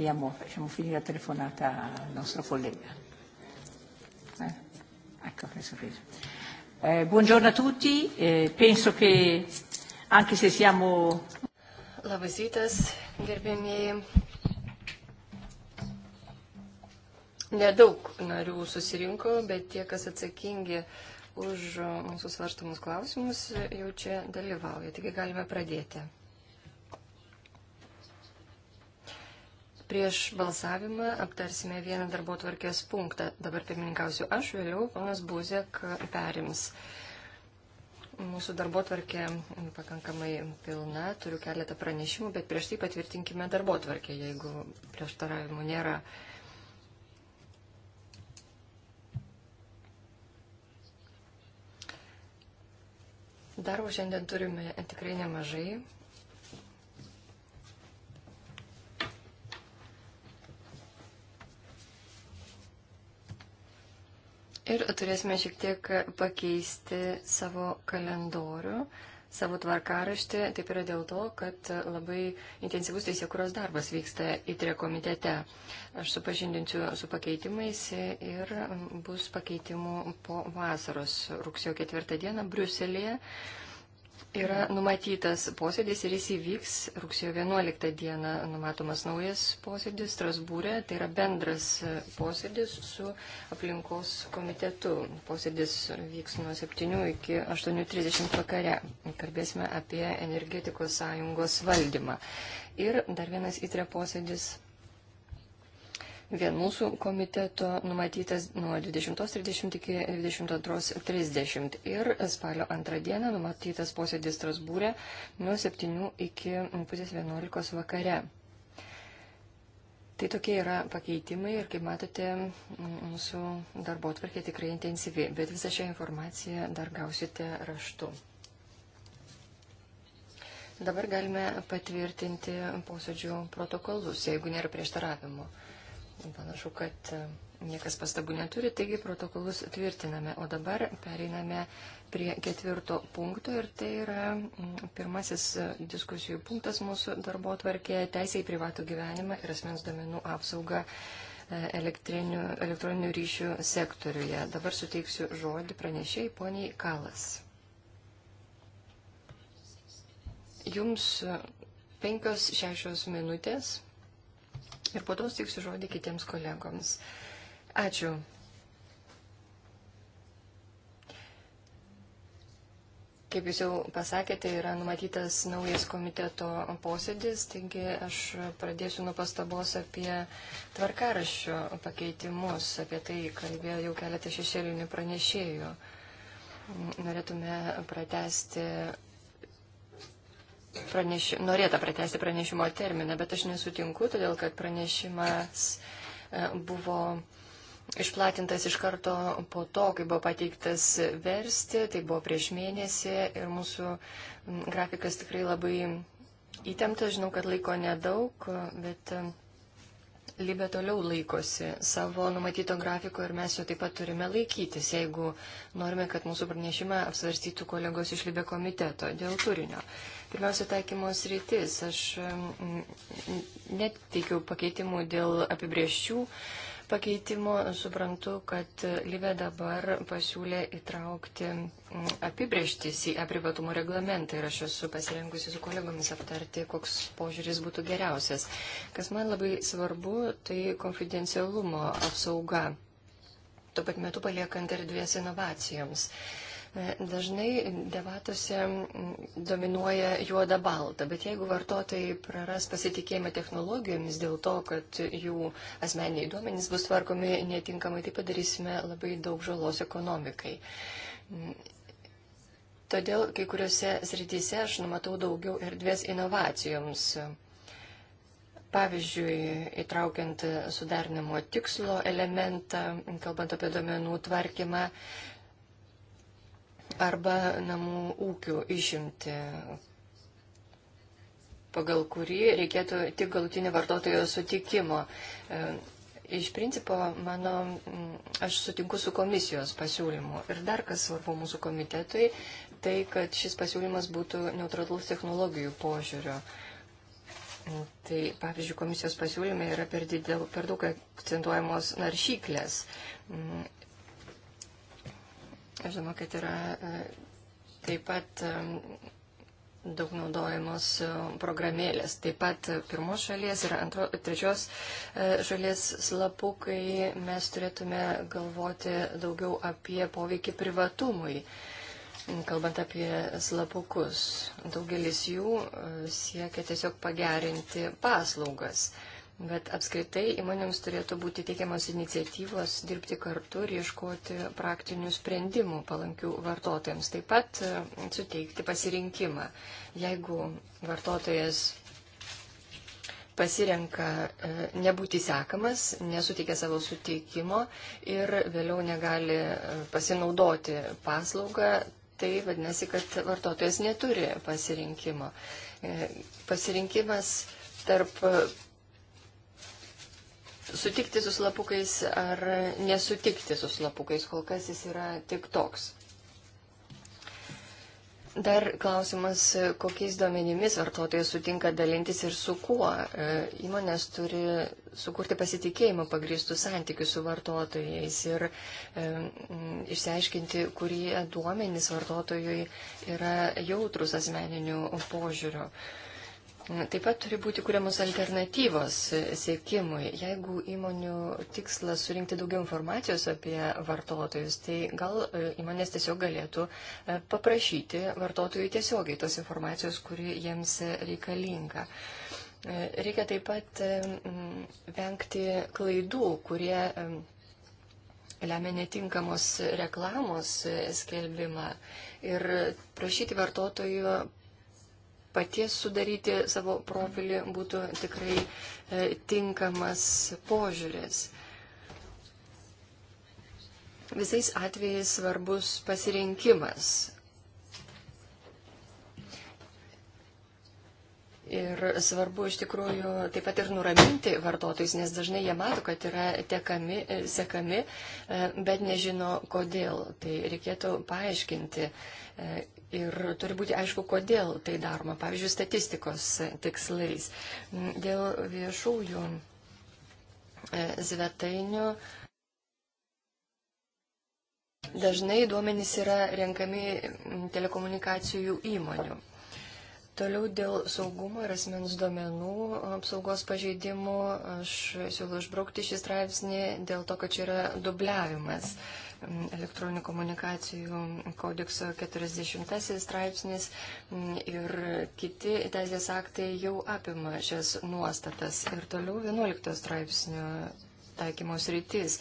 finiamo, facciamo finire la telefonata al nostro collega. Eh? Ecco, adesso preso. Eh, buongiorno a tutti, eh, penso che anche se siamo... Labas rytas, gerbėmieji. Nedaug narių susirinko, bet tie, kas atsakingi už mūsų svarstamus klausimus, jau čia dalyvauja. Taigi galime pradėti. Prieš balsavimą aptarsime vieną darbo tvarkės punktą. Dabar pirmininkausiu aš, vėliau ponas Buzek perims. Mūsų darbo tvarkė pakankamai pilna, turiu keletą pranešimų, bet prieš tai patvirtinkime darbo tvarkę, jeigu prieštaravimų nėra. Darbo šiandien turime tikrai nemažai. ir turėsime šiek tiek pakeisti savo kalendorių, savo tvarkaraštį. Taip yra dėl to, kad labai intensyvus teisėkuros darbas vyksta įtrė komitete. Aš supažindinsiu su pakeitimais ir bus pakeitimų po vasaros rugsėjo ketvirtą dieną Briuselėje yra numatytas posėdis ir jis įvyks rugsėjo 11 dieną. Numatomas naujas posėdis Strasbūrė, tai yra bendras e, posėdis su aplinkos komitetu. Posėdis vyks nuo 7 iki 8.30 vakare. Kalbėsime apie energetikos sąjungos valdymą. Ir dar vienas įtre posėdis vien mūsų komiteto numatytas nuo 20.30 iki 22.30 ir spalio antrą dieną numatytas posėdis Strasbūrė nuo 7 iki pusės 11 vakare. Tai tokie yra pakeitimai ir, kaip matote, mūsų darbo atvarkė tikrai intensyvi, bet visą šią informaciją dar gausite raštu. Dabar galime patvirtinti posėdžių protokolus, jeigu nėra prieštaravimo. Panašu, kad e, niekas pastabų neturi, taigi protokolus tvirtiname. O dabar pereiname prie ketvirto punkto ir tai yra pirmasis e, diskusijų punktas mūsų darbo tvarkėje - teisė į privatų gyvenimą ir asmens domenų apsaugą e, elektroninių ryšių sektoriuje. Dabar suteiksiu žodį pranešiai poniai Kalas. Jums penkios šešios minutės ir po to steiksiu žodį kitiems kolegoms. Ačiū. Kaip jūs jau pasakėte, yra numatytas naujas komiteto posėdis, taigi aš pradėsiu nuo pastabos apie tvarkaraščio pakeitimus, apie tai kalbėjo jau keletą šešėlinių pranešėjų. Norėtume pratesti praneš... norėta pratesti pranešimo terminą, bet aš nesutinku, todėl kad pranešimas e, buvo išplatintas iš karto po to, kai buvo pateiktas versti, tai buvo prieš mėnesį ir mūsų grafikas tikrai labai įtemptas, žinau, kad laiko nedaug, bet Libė toliau laikosi savo numatyto grafiko ir mes jo taip pat turime laikytis, jeigu norime, kad mūsų pranešimą apsvarstytų kolegos iš Libė komiteto dėl turinio. Pirmiausia, taikymos rytis. Aš mm, neteikiau pakeitimų dėl apibrieščių pakeitimo. Suprantu, kad Libė dabar pasiūlė įtraukti mm, apibrieštis į apribatumo reglamentą ir aš esu pasirengusi su kolegomis aptarti, koks požiūris būtų geriausias. Kas man labai svarbu, tai konfidencialumo apsauga, tuo pat metu paliekant erdvės inovacijoms. Uh, Dažnai debatuose mm, dominuoja juoda balta, bet jeigu vartotojai praras pasitikėjimą technologijomis dėl to, kad jų asmeniniai duomenys bus tvarkomi netinkamai, tai padarysime labai daug žalos ekonomikai. Mm. Todėl kai kuriuose srityse aš numatau daugiau erdvės inovacijoms. Pavyzdžiui, įtraukiant sudarinimo tikslo elementą, kalbant apie duomenų tvarkymą, arba namų ūkių išimti, pagal kurį reikėtų tik galutinį vartotojo sutikimo. E, iš principo, mano, mm, aš sutinku su komisijos pasiūlymu. Ir dar kas svarbu mūsų komitetui, tai kad šis pasiūlymas būtų neutralus technologijų požiūrio. Tai, pavyzdžiui, komisijos pasiūlyme yra per, didel, per daug akcentuojamos naršyklės. Mm, Žinau, kad yra e, taip pat e, daug naudojamos e, programėlės. Taip pat pirmos šalies ir antro, trečios šalies slapukai mes turėtume galvoti daugiau apie poveikį privatumui. Kalbant apie slapukus, daugelis jų siekia tiesiog pagerinti paslaugas. Bet apskritai įmonėms turėtų būti teikiamas iniciatyvos dirbti kartu ir ieškoti praktinių sprendimų palankių vartotojams. Taip pat e, suteikti pasirinkimą. Jeigu vartotojas pasirenka e, nebūti sekamas, nesuteikia savo sutikimo ir vėliau negali e, pasinaudoti paslaugą, tai vadinasi, kad vartotojas neturi pasirinkimo. Pasirinkimas tarp sutikti su slapukais ar nesutikti su slapukais, kol kas jis yra tik toks. Dar klausimas, kokiais duomenimis vartotojai sutinka dalintis ir su kuo. E, įmonės turi sukurti pasitikėjimą pagrįstų santykių su vartotojais ir e, išsiaiškinti, kurie duomenys vartotojui yra jautrus asmeniniu požiūriu. E, Taip pat turi būti kuriamos alternatyvos siekimui. Jeigu įmonių tikslas surinkti daugiau informacijos apie vartotojus, tai gal e, įmonės tiesiog galėtų e, paprašyti vartotojų tiesiogiai tos informacijos, kuri jiems reikalinga. E, reikia taip pat vengti klaidų, kurie lemia netinkamos reklamos skelbimą ir prašyti vartotojų paties sudaryti savo profilį būtų tikrai e, tinkamas požiūris. Visais atvejais svarbus pasirinkimas. Ir svarbu iš tikrųjų taip pat ir nuraminti vartotojus, nes dažnai jie mato, kad yra tekami, e, sekami, e, bet nežino kodėl. Tai reikėtų paaiškinti Ir turi būti aišku, kodėl tai daroma, pavyzdžiui, statistikos tikslais. Dėl viešųjų e, svetainių dažnai duomenys yra renkami telekomunikacijų įmonių. Toliau dėl saugumo ir asmens duomenų apsaugos pažeidimų aš siūlau išbraukti šį straipsnį dėl to, kad čia yra dubliavimas. Mm elektroninių komunikacijų kodekso 40 straipsnis ir kiti teisės aktai jau apima šias nuostatas. Ir toliau 11 straipsnio taikymos rytis.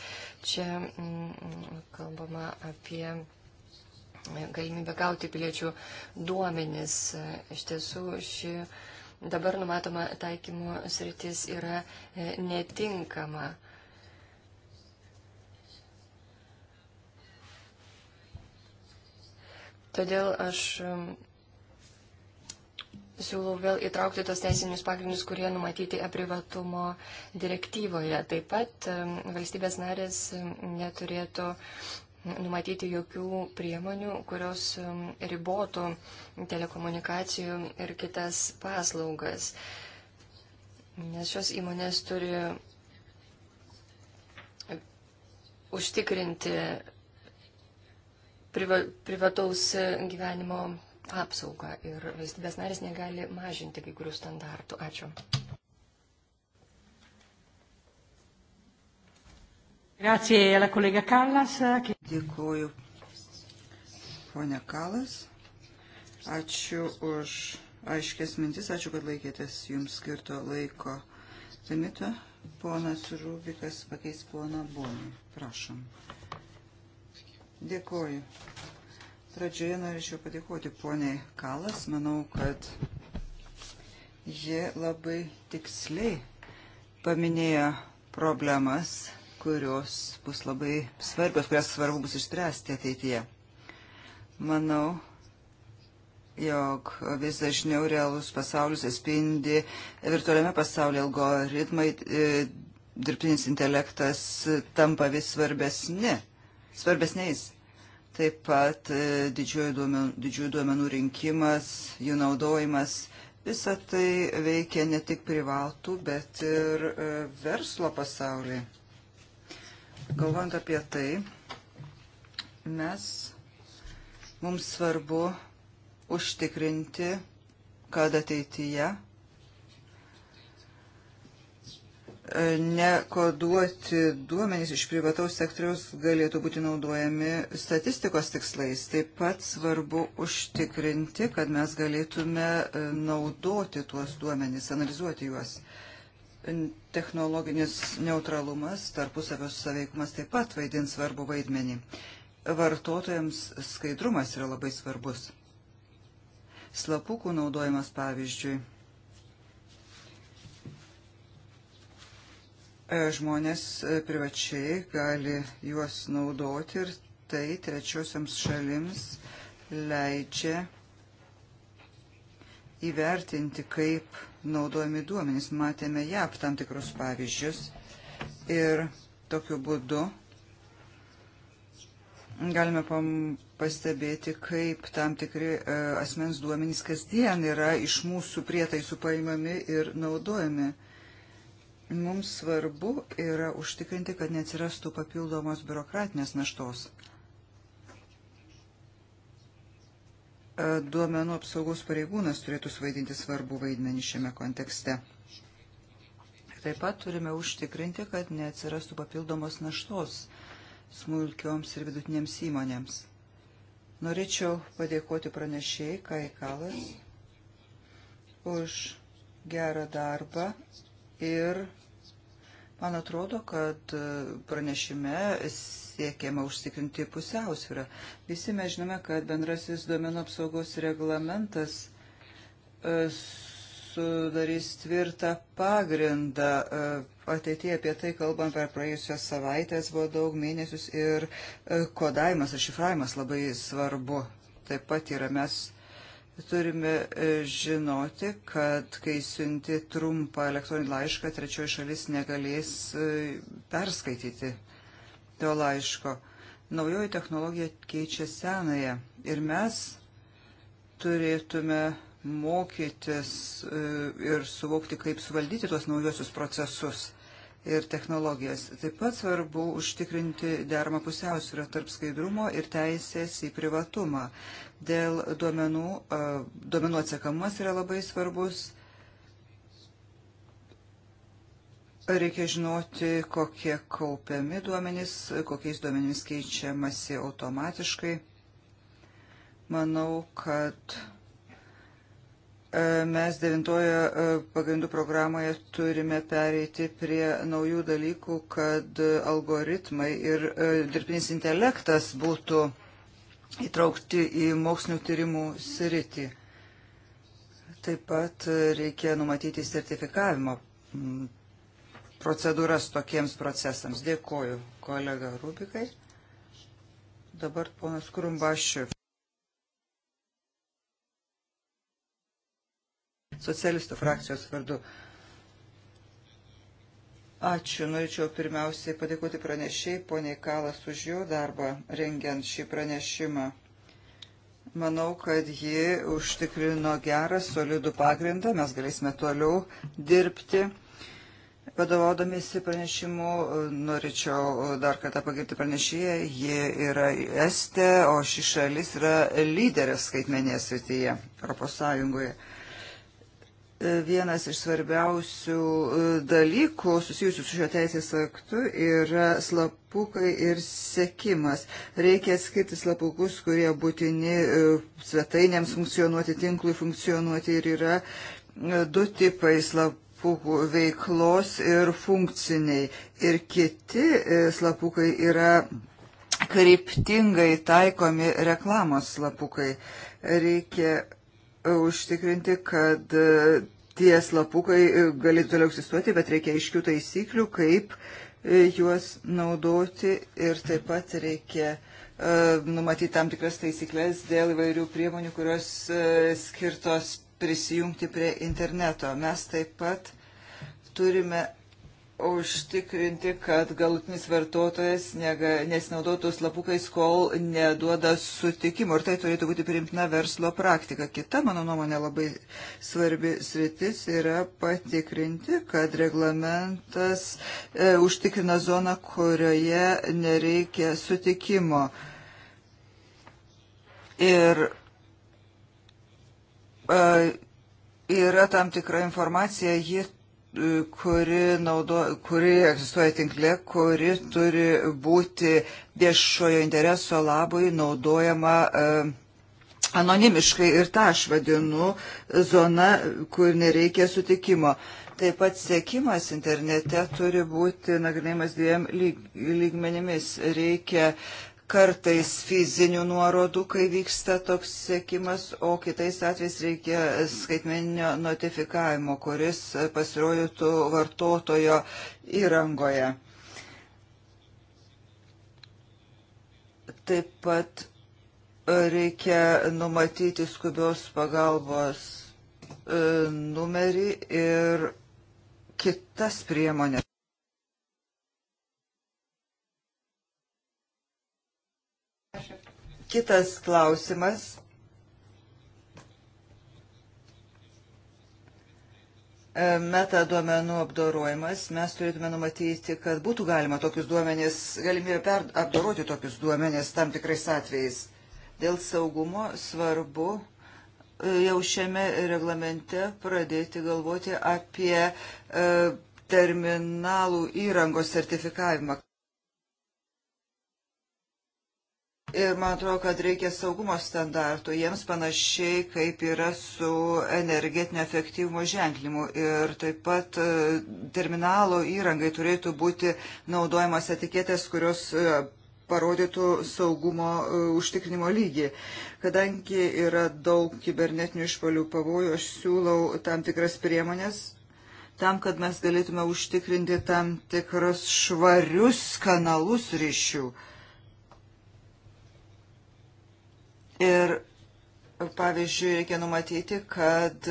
Čia mm, kalbama apie galimybę gauti piliečių duomenis. Iš tiesų ši dabar numatoma taikymo sritis yra e, netinkama. Todėl aš um, siūlau vėl įtraukti tos teisinius pagrindus, kurie numatyti privatumo direktyvoje. Taip pat um, valstybės narės um, neturėtų numatyti jokių priemonių, kurios ribotų telekomunikacijų ir kitas paslaugas. Nes šios įmonės turi užtikrinti priva, privataus gyvenimo apsaugą ir valstybės narės negali mažinti kai kurių standartų. Ačiū. Grazie alla collega Callas. Eh, Dėkuoju, ponia Kalas. Ačiū už aiškės mintis, ačiū, kad laikėtės jums skirto laiko limito. Ponas Rūbikas pakeis poną Bonį. Prašom. Dėkuoju. Pradžioje norėčiau padėkoti poniai Kalas. Manau, kad ji labai tiksliai paminėjo problemas, kurios bus labai svarbios, kurias svarbu bus išspręsti ateityje. Manau, jog vis dažniau realus pasaulis atspindi virtualiame pasaulyje algoritmai, e, dirbtinis intelektas tampa vis svarbesni svarbesniais. Taip pat e, didžiųjų duomenų, duomenų rinkimas, jų naudojimas, visa tai veikia ne tik privatų, bet ir e, verslo pasaulį. Galvant apie tai, mes, mums svarbu užtikrinti, kad ateityje nekoduoti duomenys iš privataus sektoriaus galėtų būti naudojami statistikos tikslais. Taip pat svarbu užtikrinti, kad mes galėtume e, naudoti tuos duomenys, analizuoti juos. Technologinis neutralumas, tarpusavio suveikumas taip pat vaidins svarbu vaidmenį. Vartotojams skaidrumas yra labai svarbus. Slapukų naudojimas, pavyzdžiui, E, žmonės e, privačiai gali juos naudoti ir tai trečiosiams šalims leidžia įvertinti, kaip naudojami duomenys. Matėme JAP tam tikrus pavyzdžius ir tokiu būdu galime pastebėti, kaip tam tikri e, asmens duomenys kasdien yra iš mūsų prietaisų paimami ir naudojami. E, Mums svarbu yra užtikrinti, kad neatsirastų papildomos biurokratinės naštos. E, duomenų apsaugos pareigūnas turėtų suvaidinti svarbų vaidmenį šiame kontekste. Taip pat turime užtikrinti, kad neatsirastų papildomos naštos smulkioms ir vidutinėms įmonėms. Norėčiau padėkoti pranešėjai Kaikalas už gerą darbą ir man atrodo, kad pranešime siekiama užsikrinti pusiausvyrą. Visi mes žinome, kad bendrasis duomenų apsaugos reglamentas e, sudarys tvirtą pagrindą. E, ateityje apie tai kalbant per praėjusias savaitės buvo daug mėnesius ir e, kodavimas ar šifravimas labai svarbu. Taip pat yra mes turime e, žinoti, kad kai siunti trumpą elektroninį laišką, trečioji šalis negalės e, perskaityti to laiško. Naujoji technologija keičia senąją ir mes turėtume mokytis e, ir suvokti, kaip suvaldyti tuos naujosius procesus ir technologijas. Taip pat svarbu užtikrinti deramą pusiausvyrą tarp skaidrumo ir teisės į privatumą. Dėl duomenų, duomenų atsekamumas yra labai svarbus. Reikia žinoti, kokie kaupiami duomenys, kokiais duomenimis keičiamasi automatiškai. Manau, kad E, mes devintojo e, pagrindų programoje turime pereiti prie naujų dalykų, kad algoritmai ir e, dirbtinis intelektas būtų įtraukti į mokslinių tyrimų sritį. Taip pat reikia numatyti sertifikavimo procedūras tokiems procesams. Dėkoju kolega Rubikai. Dabar ponas Krumbašiu. socialistų frakcijos vardu. Ačiū. Norėčiau pirmiausiai padėkoti pranešiai, poniai Kalas, už jo darbą rengiant šį pranešimą. Manau, kad ji užtikrino gerą, solidų pagrindą, mes galėsime toliau dirbti. Vadovaudomėsi pranešimu, norėčiau dar kartą pagirti pranešėją, ji yra Estė, o ši šalis yra lyderė skaitmenės srityje Europos Sąjungoje vienas iš svarbiausių e, dalykų susijusių su šio teisės aktu yra slapukai ir sekimas. Reikia skirti slapukus, kurie būtini e, svetainėms funkcionuoti, tinklui funkcionuoti ir yra e, du tipai slapukų veiklos ir funkciniai. Ir kiti slapukai yra kryptingai taikomi reklamos slapukai. Reikia užtikrinti, kad e, tie slapukai e, galėtų toliau egzistuoti, bet reikia aiškių taisyklių, kaip e, juos naudoti ir taip pat reikia numatyti tam tikras taisyklės dėl įvairių priemonių, kurios skirtos prisijungti prie interneto. Mes taip pat turime užtikrinti, kad galutinis vartotojas nesinaudotų slapukais, kol neduoda sutikimo. Ir tai turėtų būti primtina verslo praktika. Kita, mano nuomonė, labai svarbi sritis yra patikrinti, kad reglamentas e, užtikrina zoną, kurioje nereikia sutikimo. Ir e, yra tam tikra informacija, ji kuri, naudo, kuri egzistuoja tinkle, kuri turi būti viešojo intereso labui naudojama e, anonimiškai ir tą aš vadinu zona, kur nereikia sutikimo. Taip pat sėkimas internete turi būti nagrinėjimas dviem lyg, lygmenimis. Reikia uh, kartais fizinių nuorodų, kai vyksta toks sėkimas, o kitais atvejais reikia skaitmeninio notifikavimo, kuris pasirodytų vartotojo įrangoje. Taip pat e, reikia numatyti skubios pagalbos e, numerį ir kitas priemonės. Kitas klausimas. E, meta duomenų apdorojimas. Mes turėtume numatyti, kad būtų galima tokius duomenys, galimybę apdoroti tokius duomenys tam tikrais atvejais. Dėl saugumo svarbu e, jau šiame reglamente pradėti galvoti apie e, terminalų įrangos sertifikavimą. Ir man atrodo, kad reikia saugumo standartų, jiems panašiai kaip yra su energetinio efektyvumo ženklimu. Ir taip pat e, terminalo įrangai turėtų būti naudojamas etiketės, kurios e, parodytų saugumo e, užtikrinimo lygį. Kadangi yra daug kibernetinių išpolių pavojų, aš siūlau tam tikras priemonės tam, kad mes galėtume užtikrinti tam tikrus švarius kanalus ryšių. Uh, Ir, pavyzdžiui, reikia numatyti, kad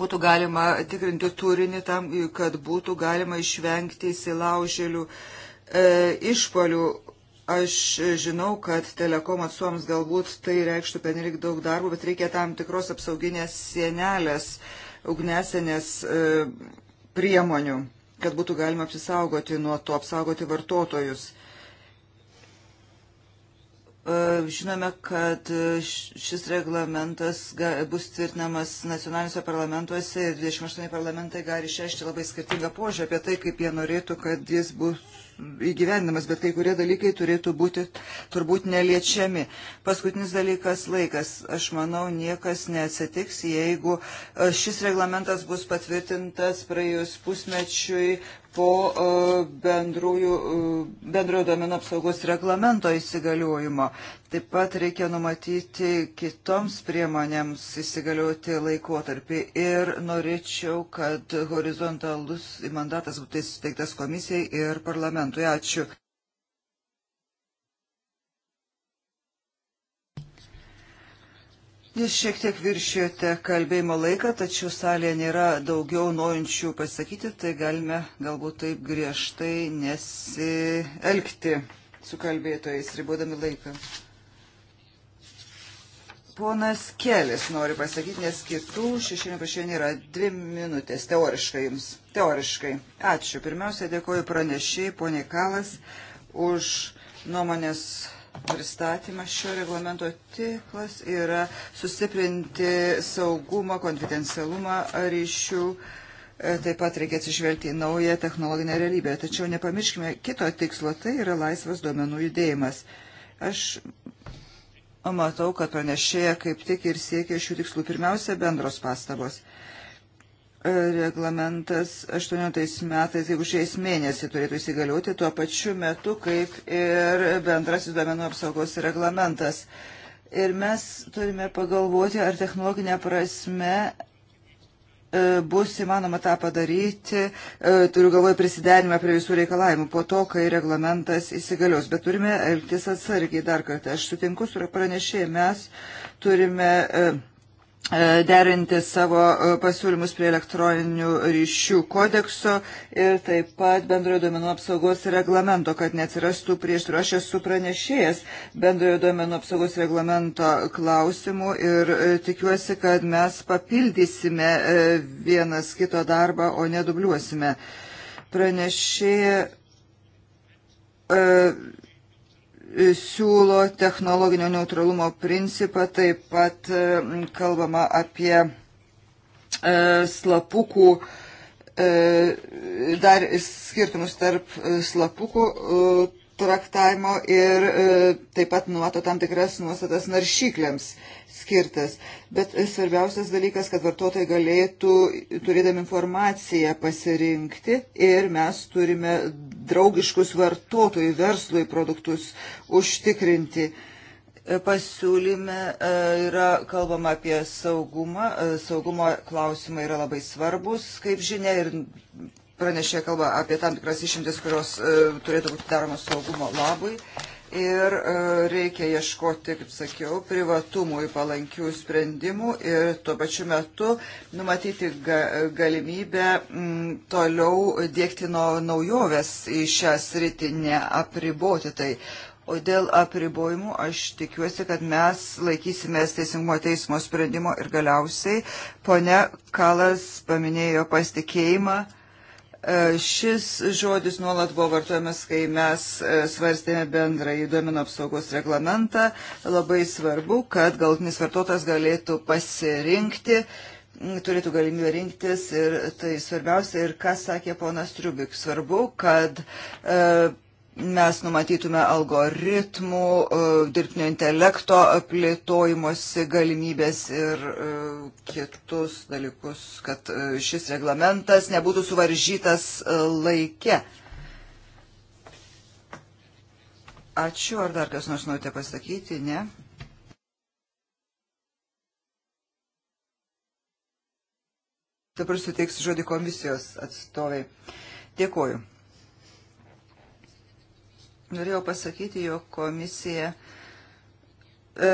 būtų galima tikrinti turinį tam, kad būtų galima išvengti įsilaužėlių e, išpolių. Aš žinau, kad telekom atsuoms galbūt tai reikštų penelik daug darbo, bet reikia tam tikros apsauginės sienelės, ugnesenės e, priemonių, kad būtų galima apsisaugoti nuo to, apsaugoti vartotojus. E, E, žinome, kad šis reglamentas bus tvirtinamas nacionaliniuose parlamentuose ir 28 parlamentai gali išreikšti labai skirtingą požiūrį apie tai, kaip jie norėtų, kad jis bus įgyvendinamas, bet kai kurie dalykai turėtų būti turbūt neliečiami. Paskutinis dalykas - laikas. Aš manau, niekas neatsitiks, jeigu e, šis reglamentas bus patvirtintas praėjus pusmečiui po e, bendrųjų, e, bendrojo domino apsaugos reglamento įsigaliojimo. Taip pat reikia numatyti kitoms priemonėms įsigalioti laikotarpį ir norėčiau, kad horizontalus mandatas būtų įsteigtas komisijai ir parlamentui. Ačiū. Jūs šiek tiek viršijote kalbėjimo laiką, tačiau salėje nėra daugiau norinčių pasakyti, tai galime galbūt taip griežtai nesielgti su kalbėtojais, ribodami laiką. Ponas Kelis nori pasakyti, nes kitų šešinių pašienį yra dvi minutės, teoriškai jums. Teoriškai. Ačiū. Pirmiausia, dėkoju pranešiai, ponė Kalas, už nuomonės pristatymas šio reglamento tiklas yra sustiprinti saugumą, konfidencialumą ryšių. E, taip pat reikia atsižvelgti į naują technologinę realybę. Tačiau nepamirškime kito tikslo, tai yra laisvas duomenų judėjimas. Aš matau, kad pranešėja kaip tik ir siekia šių tikslų pirmiausia bendros pastabos reglamentas 18 metais, jeigu šiais mėnesį turėtų įsigalioti, tuo pačiu metu kaip ir bendrasis duomenų apsaugos reglamentas. Ir mes turime pagalvoti, ar technologinė prasme e, bus įmanoma tą padaryti, e, turiu galvoje prisiderimą prie visų reikalavimų po to, kai reglamentas įsigalios. Bet turime elgtis atsargiai dar kartą. Aš sutinku su pranešėjai, mes turime e, E, derinti savo e, pasiūlymus prie elektroninių ryšių kodekso ir taip pat bendrojo duomenų apsaugos reglamento, kad neatsirastų prieštarų. Aš esu pranešėjęs bendrojo duomenų apsaugos reglamento klausimų ir e, tikiuosi, kad mes papildysime vienas kito darbą, o nedubliuosime. Pranešėjai siūlo technologinio neutralumo principą, taip pat e, kalbama apie e, slapukų, e, dar skirtumus tarp slapukų traktavimo ir e, taip pat numato tam tikras nuostatas naršykliams skirtas. Bet svarbiausias dalykas, kad vartotojai galėtų, turėdami informaciją, pasirinkti ir mes turime draugiškus vartotojų verslui produktus užtikrinti. E, pasiūlyme e, yra kalbama apie saugumą. E, saugumo klausimai yra labai svarbus, kaip žinia, ir pranešė kalba apie tam tikras išimtis, kurios e, turėtų būti daromos saugumo labui. Ir e, reikia ieškoti, kaip sakiau, privatumui palankių sprendimų ir tuo pačiu metu numatyti ga, galimybę m, mm, toliau dėkti nuo naujoves į šią sritį, neapriboti tai. O dėl apribojimų aš tikiuosi, kad mes laikysimės teisingumo teismo sprendimo ir galiausiai ponia Kalas paminėjo pasitikėjimą E, šis žodis nuolat buvo vartojamas, kai mes e, svarstėme bendrąjį duomenų apsaugos reglamentą. Labai svarbu, kad galtinis vartotojas galėtų pasirinkti, turėtų galimybę rinktis ir tai svarbiausia ir ką sakė ponas Triubik. Svarbu, kad e, mes numatytume algoritmų, e, dirbtinio intelekto plėtojimosi galimybės ir e, kitus dalykus, kad e, šis reglamentas nebūtų suvaržytas laike. Ačiū, ar dar kas nors norite pasakyti, ne? Dabar suteiksiu žodį komisijos atstovai. Dėkuoju. Norėjau pasakyti, jog komisija e,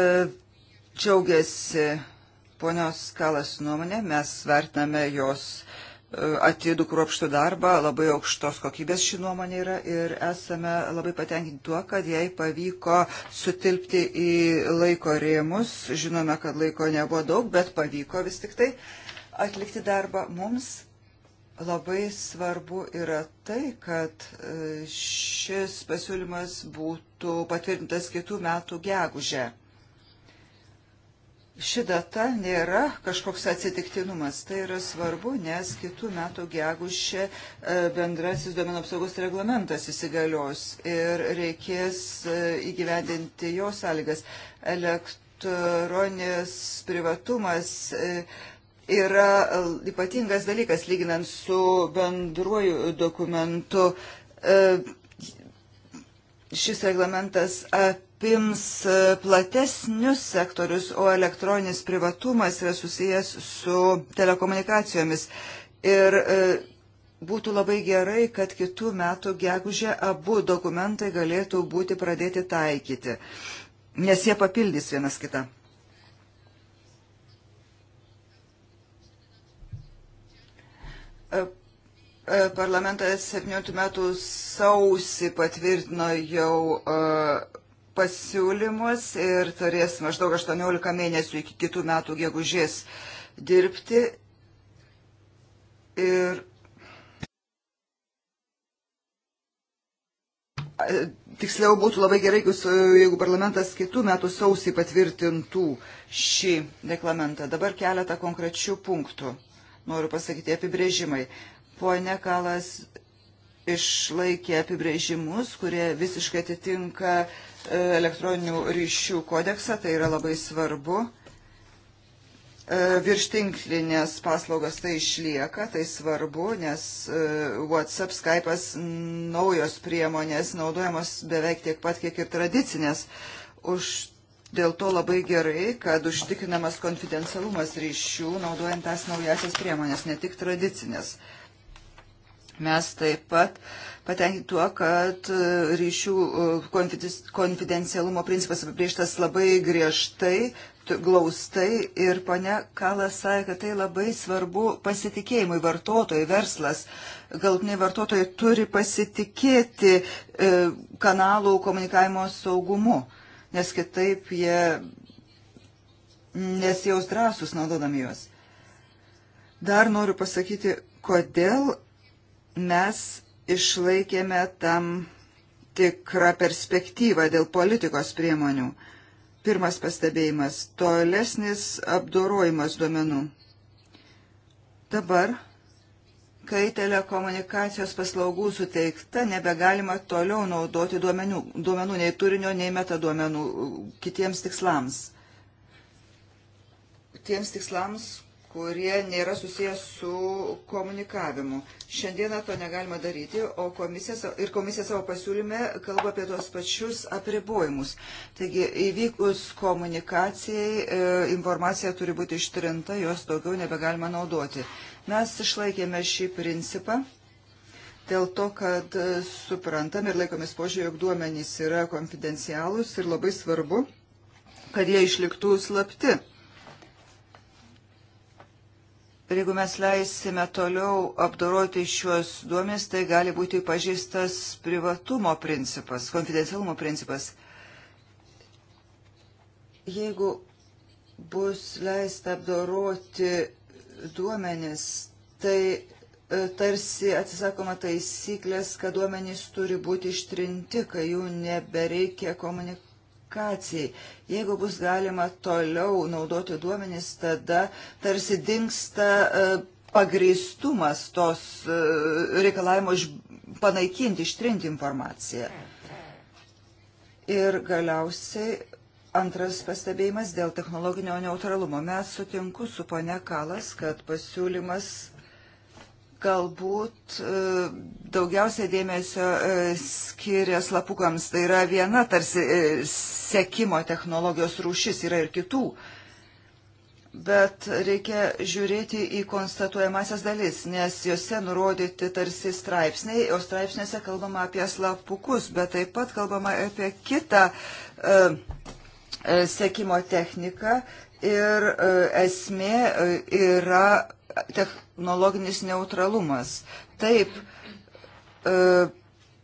džiaugiasi ponios Kalas nuomonė, mes vertiname jos e, atidų kruopštų darbą, labai aukštos kokybės ši nuomonė yra ir esame labai patenkinti tuo, kad jai pavyko sutilpti į laiko rėmus. Žinome, kad laiko nebuvo daug, bet pavyko vis tik tai atlikti darbą. Mums Labai svarbu yra tai, kad e, šis pasiūlymas būtų patvirtintas kitų metų gegužę. Ši data nėra kažkoks atsitiktinumas, tai yra svarbu, nes kitų metų gegužė e, bendrasis duomenų apsaugos reglamentas įsigalios ir reikės e, įgyvendinti jo sąlygas. Elektroninis privatumas yra e, ypatingas dalykas lyginant su bendruoju dokumentu. E, šis reglamentas apims e, platesnius sektorius, o elektroninis privatumas yra susijęs su telekomunikacijomis. Ir būtų labai gerai, kad kitų metų gegužė abu dokumentai galėtų būti pradėti taikyti, nes jie papildys vienas kitą. E, e, parlamentas 17 metų sausi patvirtino jau e, pasiūlymus ir turės maždaug 18 mėnesių iki kitų metų gegužės dirbti. Ir tiksliau būtų labai gerai, jeigu parlamentas kitų metų sausį patvirtintų šį deklamentą. Dabar keletą konkrečių punktų noriu pasakyti, apibrėžimai. Pone Kalas išlaikė apibrėžimus, kurie visiškai atitinka e, elektroninių ryšių kodeksą, tai yra labai svarbu. E, virštinklinės paslaugas tai išlieka, tai svarbu, nes e, WhatsApp, Skype'as naujos priemonės naudojamos beveik tiek pat, kiek ir tradicinės. Už Dėl to labai gerai, kad užtikrinamas konfidencialumas ryšių naudojant tas naujasias priemonės, ne tik tradicinės. Mes taip pat patenkinti tuo, kad e, ryšių e, konfidencialumo principas apibrieštas labai griežtai, glaustai ir ponia Kalas sakė, kad tai labai svarbu pasitikėjimui vartotojai, verslas. Galutiniai vartotojai turi pasitikėti e, kanalų komunikavimo saugumu nes kitaip jie nesijaus drąsus naudodami juos. Dar noriu pasakyti, kodėl mes išlaikėme tam tikrą perspektyvą dėl politikos priemonių. Pirmas pastebėjimas - tolesnis apdorojimas duomenų. Dabar kai telekomunikacijos paslaugų suteikta, nebegalima toliau naudoti duomenų, duomenų nei turinio, nei metaduomenų kitiems tikslams. Tiems tikslams, kurie nėra susijęs su komunikavimu. Šiandieną to negalima daryti, o komisija, ir komisija savo pasiūlyme kalba apie tos pačius apribojimus. Taigi įvykus komunikacijai e, informacija turi būti ištrinta, jos daugiau nebegalima naudoti. Mes išlaikėme šį principą dėl to, kad suprantam ir laikomis požiūrė, jog duomenys yra konfidencialūs ir labai svarbu, kad jie išliktų slapti. Ir jeigu mes leisime toliau apdoroti šiuos duomenys, tai gali būti pažįstas privatumo principas, konfidencialumo principas. Jeigu bus leista apdoroti duomenis, tai e, tarsi atsisakoma taisyklės, kad duomenys turi būti ištrinti, kai jų nebereikia komunikacijai. Jeigu bus galima toliau naudoti duomenys, tada tarsi dinksta e, pagreistumas tos e, reikalavimo panaikinti, ištrinti informaciją. Ir galiausiai Antras pastebėjimas dėl technologinio neutralumo. Mes sutinku su pone Kalas, kad pasiūlymas galbūt e, daugiausia dėmesio e, skiria slapukams. Tai yra viena tarsi e, sekimo technologijos rūšis, yra ir kitų. Bet reikia žiūrėti į konstatuojamasias dalis, nes juose nurodyti tarsi straipsniai, o straipsniuose kalbama apie slapukus, bet taip pat kalbama apie kitą uh, E, sekimo technika ir e, esmė e, yra technologinis neutralumas. Taip,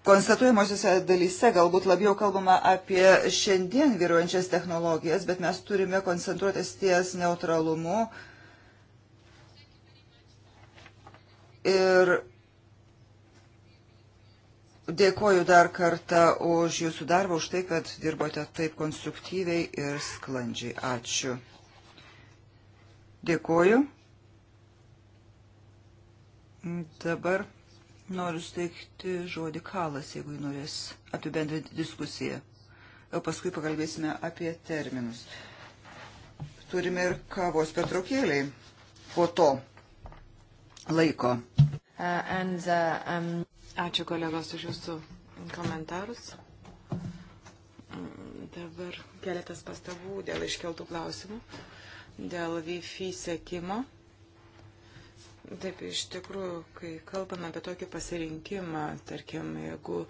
konstatuojamosiose dalyse galbūt labiau kalbama apie šiandien vyruojančias technologijas, bet mes turime koncentruotis ties neutralumu ir Dėkoju dar kartą už jūsų darbą, už tai, kad dirbote taip konstruktyviai ir sklandžiai. Ačiū. Dėkoju. Dabar noriu steigti žodį kalas, jeigu norės apibendrinti diskusiją. O paskui pakalbėsime apie terminus. Turime ir kavos pertraukėliai po to laiko. Uh, and, uh, um... Ačiū kolegos už jūsų komentarus. Mm, dabar keletas pastabų dėl iškeltų klausimų, dėl Wi-Fi sekimo. Taip, iš tikrųjų, kai kalbame apie tokį pasirinkimą, tarkim, jeigu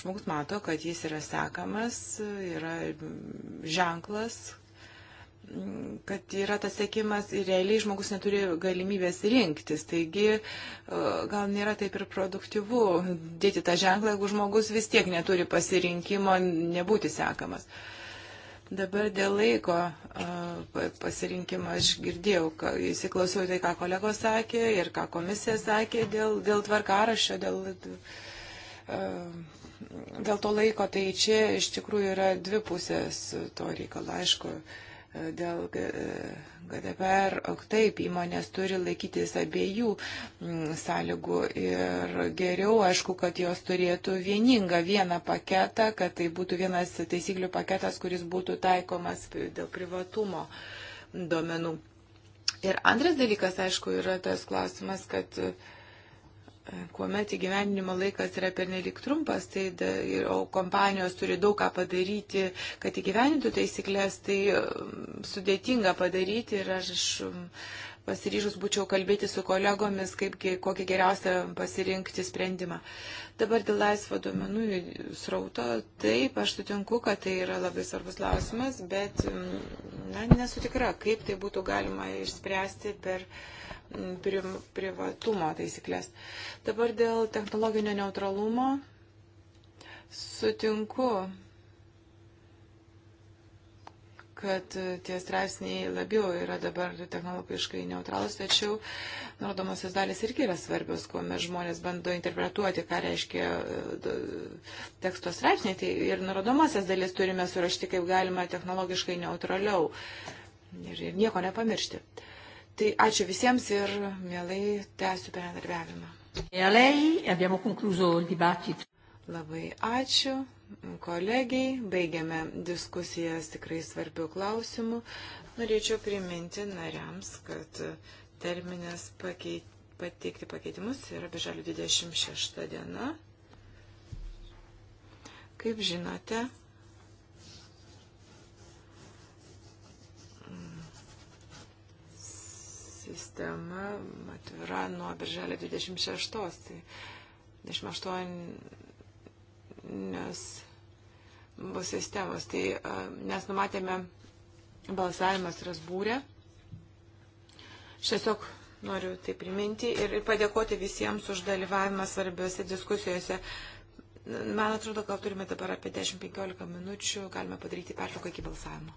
žmogus mato, kad jis yra sekamas, yra ženklas, kad yra tas sėkimas ir realiai žmogus neturi galimybės rinktis. Taigi e, gal nėra taip ir produktyvu dėti tą ženklą, jeigu žmogus vis tiek neturi pasirinkimo nebūti sekamas. Dabar dėl laiko e, pasirinkimo aš girdėjau, įsiklausiau tai, ką kolegos sakė ir ką komisija sakė dėl, dėl tvarkarašio, dėl, e, dėl to laiko. Tai čia iš tikrųjų yra dvi pusės to reikalo. Aišku, dėl GDPR, taip, įmonės turi laikytis abiejų mm, sąlygų ir geriau, aišku, kad jos turėtų vieningą vieną paketą, kad tai būtų vienas taisyklių paketas, kuris būtų taikomas dėl privatumo duomenų. Ir antras dalykas, aišku, yra tas klausimas, kad uh, kuomet įgyvendinimo laikas yra pernelik trumpas, tai da, ir, o kompanijos turi daug ką padaryti, kad įgyvendintų taisyklės, tai um, sudėtinga padaryti ir aš um, pasiryžus būčiau kalbėti su kolegomis, kaip, kokį geriausią pasirinkti sprendimą. Dabar dėl laisvo duomenų srauto, taip, aš sutinku, kad tai yra labai svarbus klausimas, bet um, na, nesu tikra, kaip tai būtų galima išspręsti per uh, privatumo taisyklės. Dabar dėl technologinio neutralumo sutinku, kad tie straipsniai labiau yra dabar technologiškai neutralus, tačiau nurodomosios dalis irgi yra svarbios, kuomet žmonės bando interpretuoti, ką reiškia e, teksto straipsniai. Tai ir nurodomosios dalis turime surašti, kaip galima technologiškai neutraliau ir, ir nieko nepamiršti. Uh, Tai ačiū visiems ir mielai tęsiu bendradarbiavimą. E Labai ačiū kolegiai, baigiame diskusijas tikrai svarbių klausimų. Norėčiau priminti nariams, kad terminas pakeit, pateikti pakeitimus yra bežalio 26 diena. Kaip žinote, sistema atvira nuo birželio 26. Tai 28 bus sistemos. Tai mes numatėme balsavimą Strasbūrė. Aš tiesiog noriu tai priminti ir padėkoti visiems už dalyvavimą svarbiose diskusijose. Man atrodo, gal turime dabar apie 10-15 minučių, galime padaryti pertrauką iki balsavimo.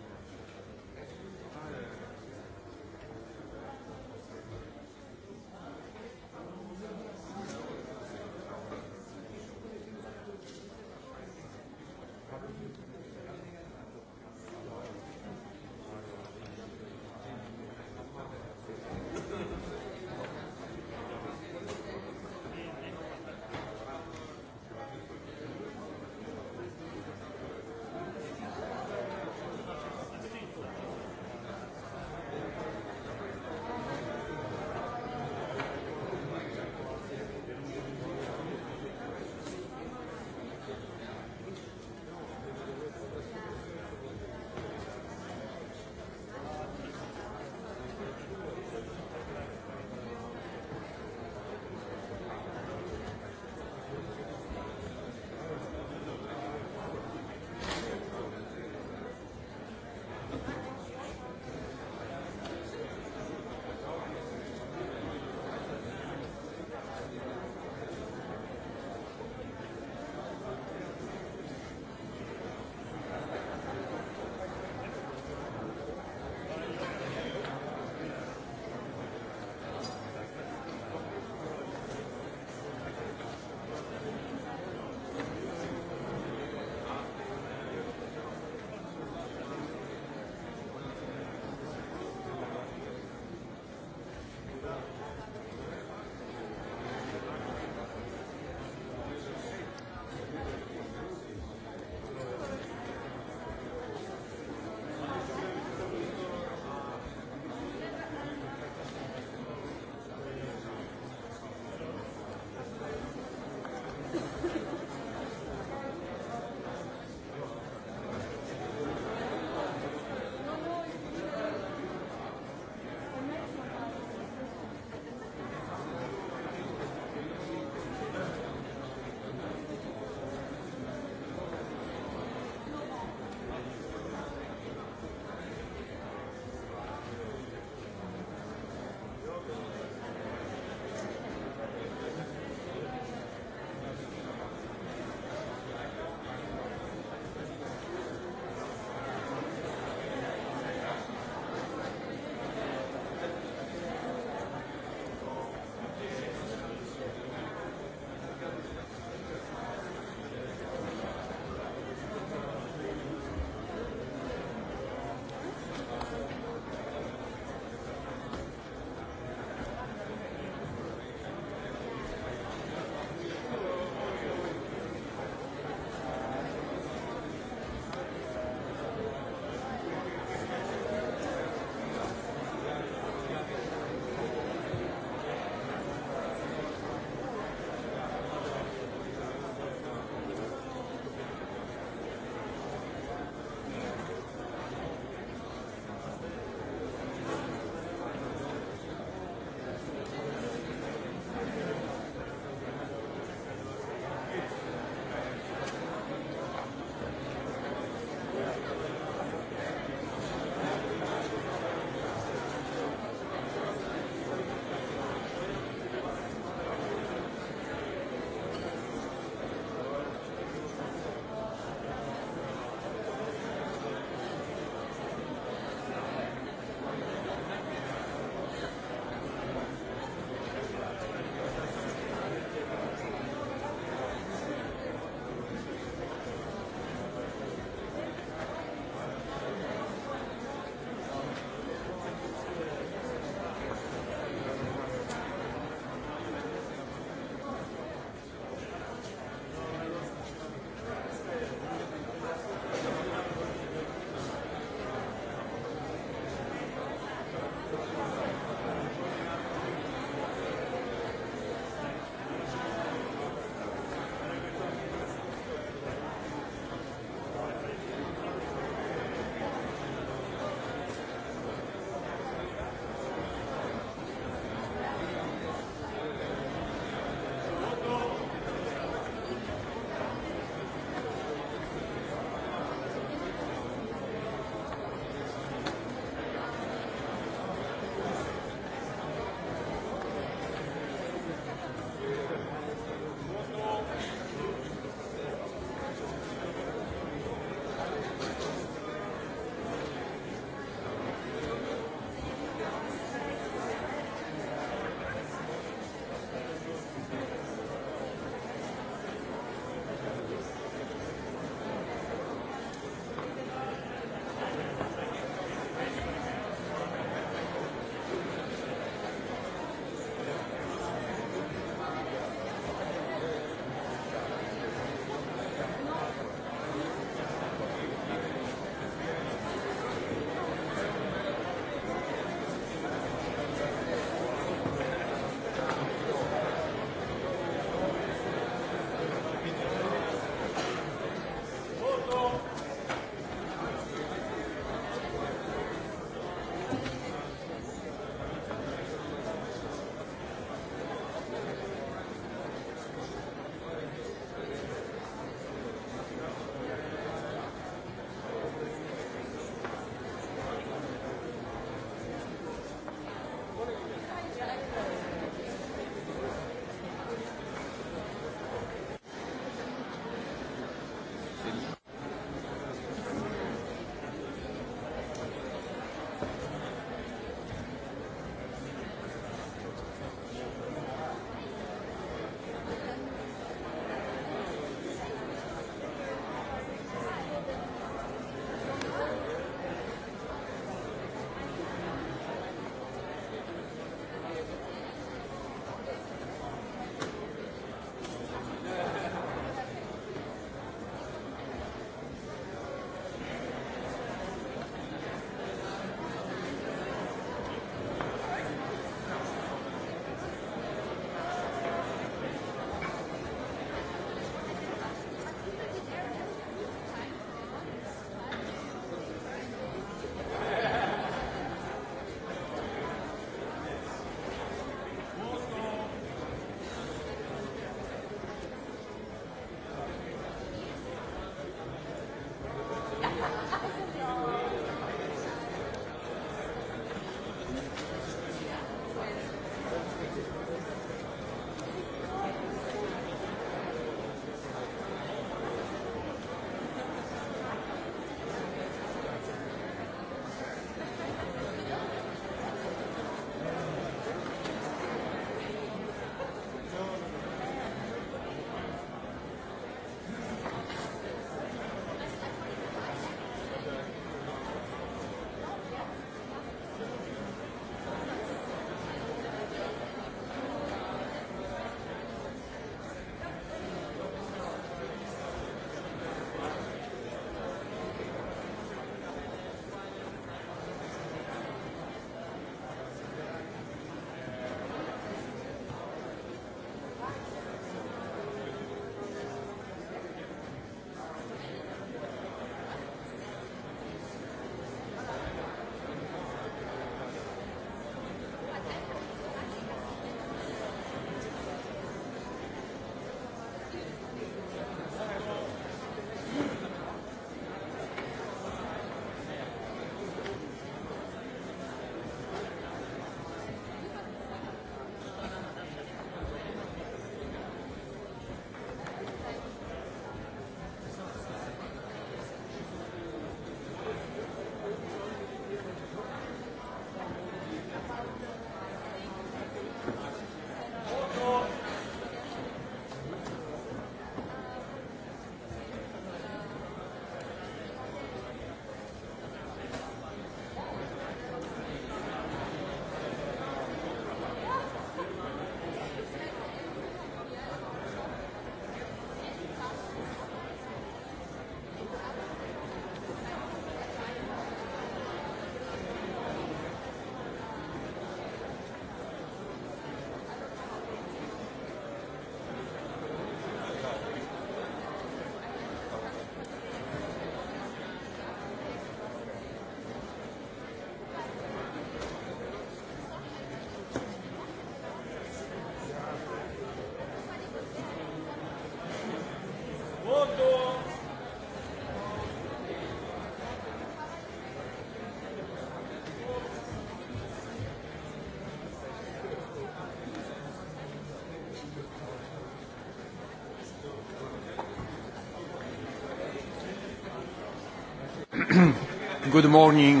Good morning,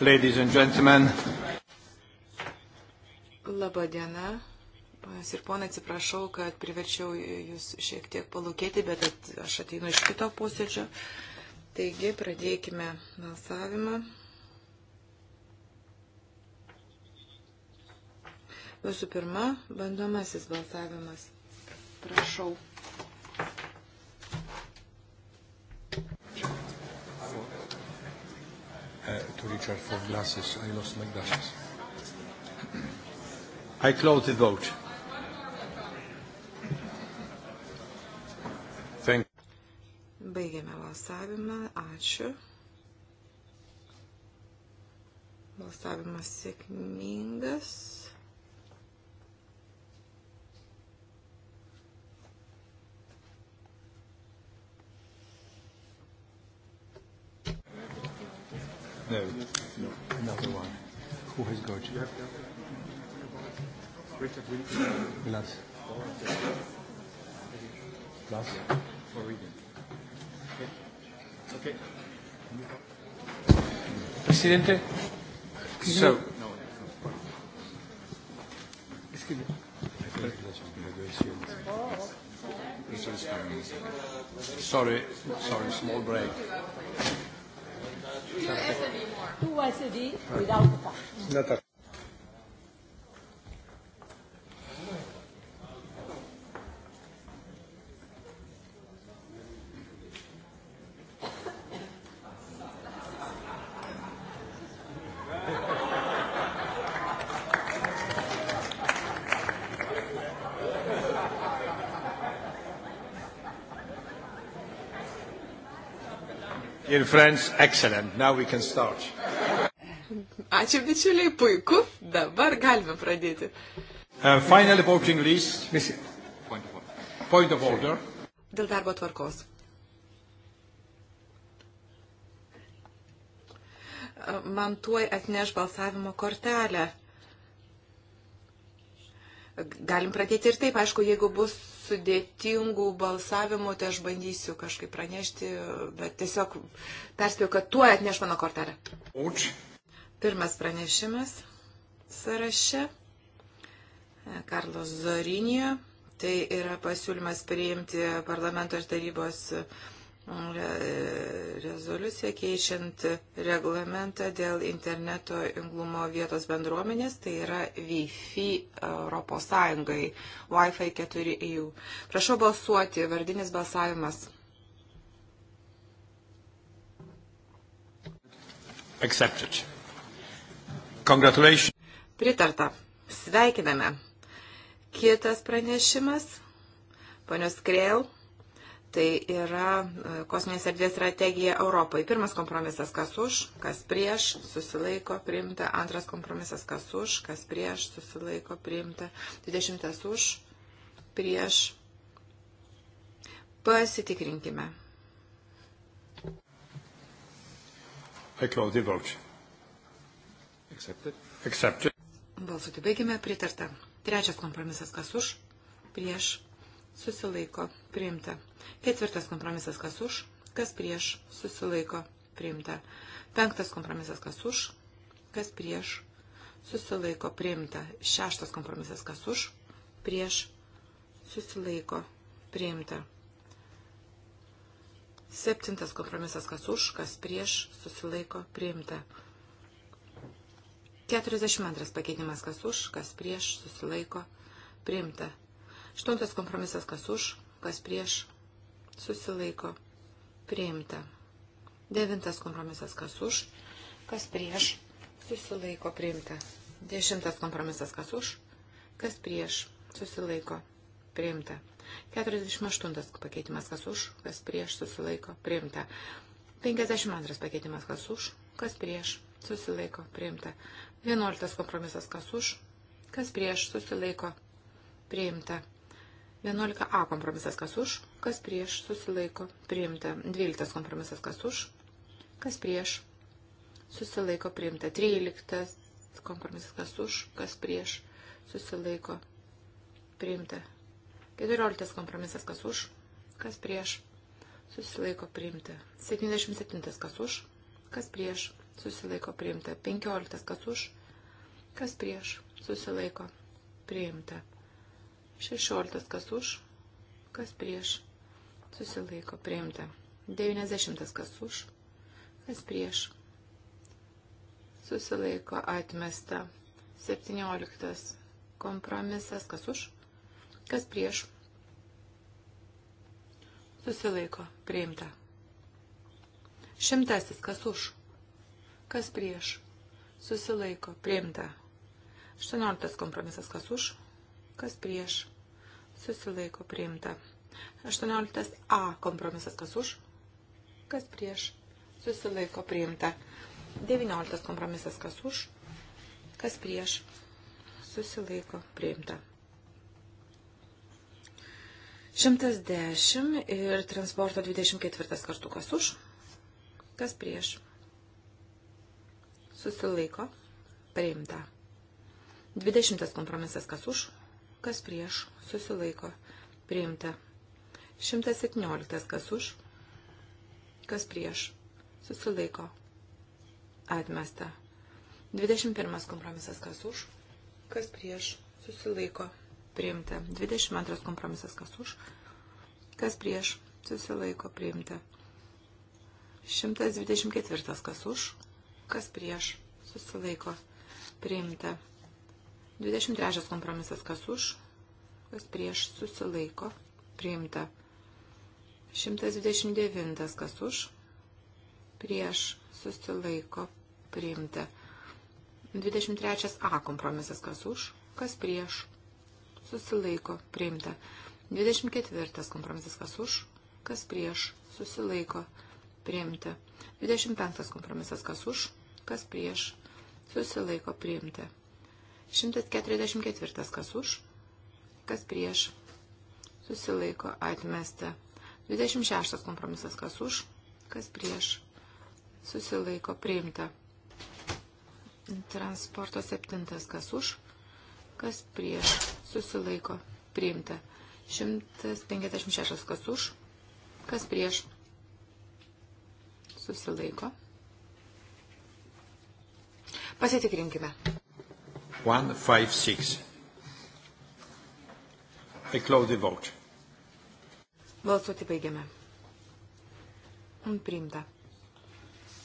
ladies and gentlemen. Labą dieną. Panas ir ponai, atsiprašau, kad priverčiau jūs šiek tiek palūkėti, bet aš ateinu iš kito posėdžio. Taigi, pradėkime balsavimą. Visų pirma, bandomasis balsavimas. Prašau. voucher for glasses. I lost my glasses. I close the vote. Thank Baigėme balsavimą. Ačiū. Balsavimas sėkmingas. Grazie. Plus. For reading. Okay. okay. Presidente? So. Excuse me. Sorry, sorry, small break. Two SD e without the card. you, friends. Excellent. Now we can start. Ačiū, bičiuliai, puiku. Dabar galime pradėti. Uh, final voting list. Point of, Point of order. Dėl darbo tvarkos. Man tuoj atneš balsavimo kortelę. Galim pradėti ir taip, aišku, jeigu bus sudėtingų balsavimų, tai aš bandysiu kažkaip pranešti, bet tiesiog perspėjau, kad tuo atneš mano kortelę. Uč. Pirmas pranešimas sąraše. Karlos Zorinio. Tai yra pasiūlymas priimti parlamento ir tarybos rezoliuciją keičiant reglamentą dėl interneto inglumo vietos bendruomenės, tai yra Wi-Fi Europos Sąjungai, Wi-Fi 4 EU. Prašau balsuoti, vardinis balsavimas. Accepted. Congratulations. Pritarta. Sveikiname. Kitas pranešimas. Ponios Krėl Tai yra e, kosminės erdvės strategija Europai. Pirmas kompromisas, kas už, kas prieš, susilaiko priimta. Antras kompromisas, kas už, kas prieš, susilaiko priimta. Dvidešimtas už, prieš. Pasitikrinkime. I close the vote. Accepted. Accepted. Balsuoti baigime, pritarta. Trečias kompromisas, kas už, prieš, susilaiko, priimta. Ketvirtas kompromisas, kas už, kas prieš, susilaiko, priimta. Penktas kompromisas, kas už, kas prieš, susilaiko, priimta. Šeštas kompromisas, kas už, prieš, susilaiko, priimta. Septintas kompromisas, kas už, kas prieš, susilaiko, priimta. 42 pakeitimas, kas už, kas prieš, susilaiko, priimta. Aštuntas kompromisas, kas už, kas prieš, susilaiko, priimta. Devintas kompromisas, kas už, kas prieš, susilaiko, priimta. Dešimtas kompromisas, kas už, kas prieš, susilaiko, priimta. 48 pakeitimas, kas už, kas prieš, susilaiko, priimta. 52 pakeitimas, kas už, kas prieš, susilaiko, priimta. 11 kompromisas, kas už, kas prieš, susilaiko, priimta. 11a kompromisas kas už, kas prieš, susilaiko, priimta. 12 kompromisas kas už, kas prieš, susilaiko, priimta. 13 kompromisas kas už, kas prieš, susilaiko, priimta. 14 kompromisas kas už, kas prieš, susilaiko, priimta. 77 kas už, kas prieš, susilaiko, priimta. 15 kas už, kas prieš, susilaiko, priimta. 16 kas už, kas prieš, susilaiko priimta. 90 kas už, kas prieš, susilaiko atmesta. 17 kompromisas kas už, kas prieš, susilaiko priimta. Šimtasis kas už, kas prieš, susilaiko priimta. 18 kompromisas kas už, kas prieš, susilaiko priimta. 18a kompromisas, kas už, kas prieš, susilaiko priimta. 19 kompromisas, kas už, kas prieš, susilaiko priimta. 110 ir transporto 24 kartų kas už, kas prieš. Susilaiko, priimta. 20 kompromisas kas už, kas prieš, susilaiko, priimta. 117. Kas už, kas prieš, susilaiko, atmesta. 21. Kompromisas kas už, kas prieš, susilaiko, priimta. 22. Kompromisas kas už, kas prieš, susilaiko, priimta. 124. Kas už, kas prieš, susilaiko, priimta. 23 kompromisas kas už, kas prieš susilaiko, priimta. 129 kas už, prieš susilaiko, priimta. 23 A kompromisas kas už, kas prieš susilaiko, priimta. 24 kompromisas kas už, kas prieš susilaiko, priimta. 25 kompromisas kas už, kas prieš susilaiko, priimta. 144. Kas už? Kas prieš? Susilaiko atmesta. 26. Kompromisas. Kas už? Kas prieš? Susilaiko priimta. Transporto 7. Kas už? Kas prieš? Susilaiko priimta. 156. Kas už? Kas prieš? Susilaiko. Pasitikrinkime. 156. I close the vote. Balsuoti baigiame. Un priimta.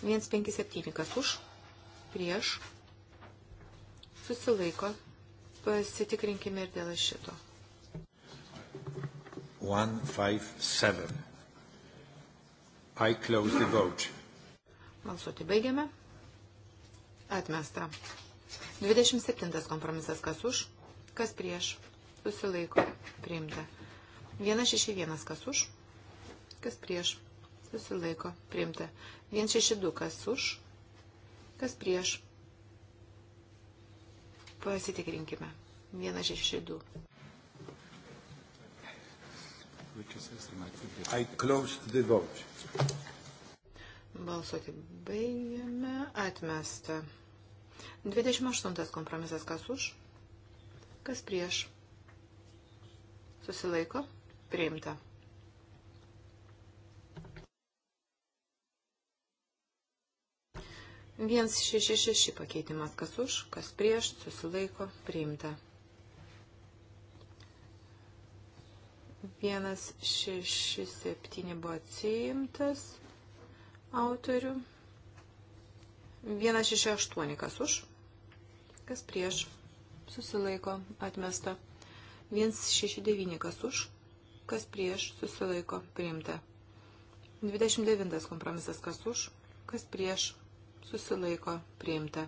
157. Kas už? Prieš? Susilaiko. Pasitikrinkime ir dėl šito. 157. I close the vote. Balsuoti baigiame. Atmesta. 27 kompromisas kas už, kas prieš, susilaiko, priimta. 161 kas už, kas prieš, susilaiko, priimta. 162 kas už, kas prieš. Pasitikrinkime. 162. I closed the vote. Balsuoti baigiame. Atmesta. 28 kompromisas kas už, kas prieš. Susilaiko, priimta. Viens šeši šeši pakeitimas kas už, kas prieš, susilaiko, priimta. Vienas šeši septyni buvo atsiimtas autorių. 168 kas už, kas prieš, susilaiko, atmesta. 169 kas už, kas prieš, susilaiko, priimta. 29 kompromisas kas už, kas prieš, susilaiko, priimta.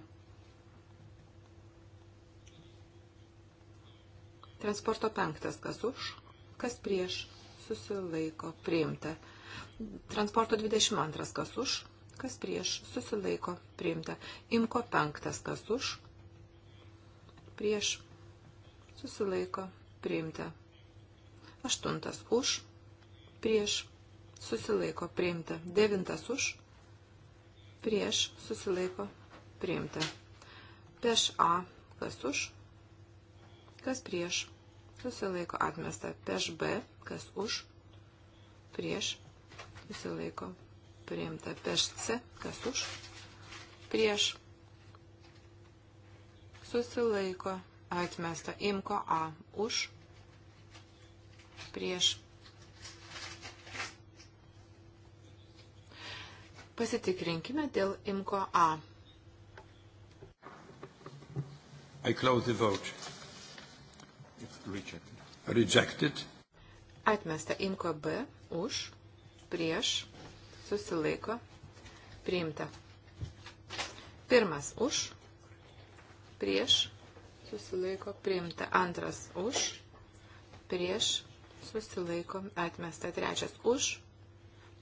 Transporto penktas kas už, kas prieš, susilaiko, priimta. Transporto 22 kas už, kas prieš, susilaiko, priimta. Imko penktas, kas už, prieš, susilaiko, priimta. Aštuntas už, prieš, susilaiko, priimta. Devintas už, prieš, susilaiko, priimta. Peš A, kas už, kas prieš, susilaiko, atmesta. Peš B, kas už, prieš, susilaiko, priimta. Peš C, kas už, prieš, susilaiko, atmesta. Imko A, už, prieš. Pasitikrinkime dėl Imko A. I close the vote. It's rejected. Rejected. Atmesta Imko B, už, prieš susilaiko, priimta. Pirmas už, prieš, susilaiko, priimta. Antras už, prieš, susilaiko, atmesta. Trečias už,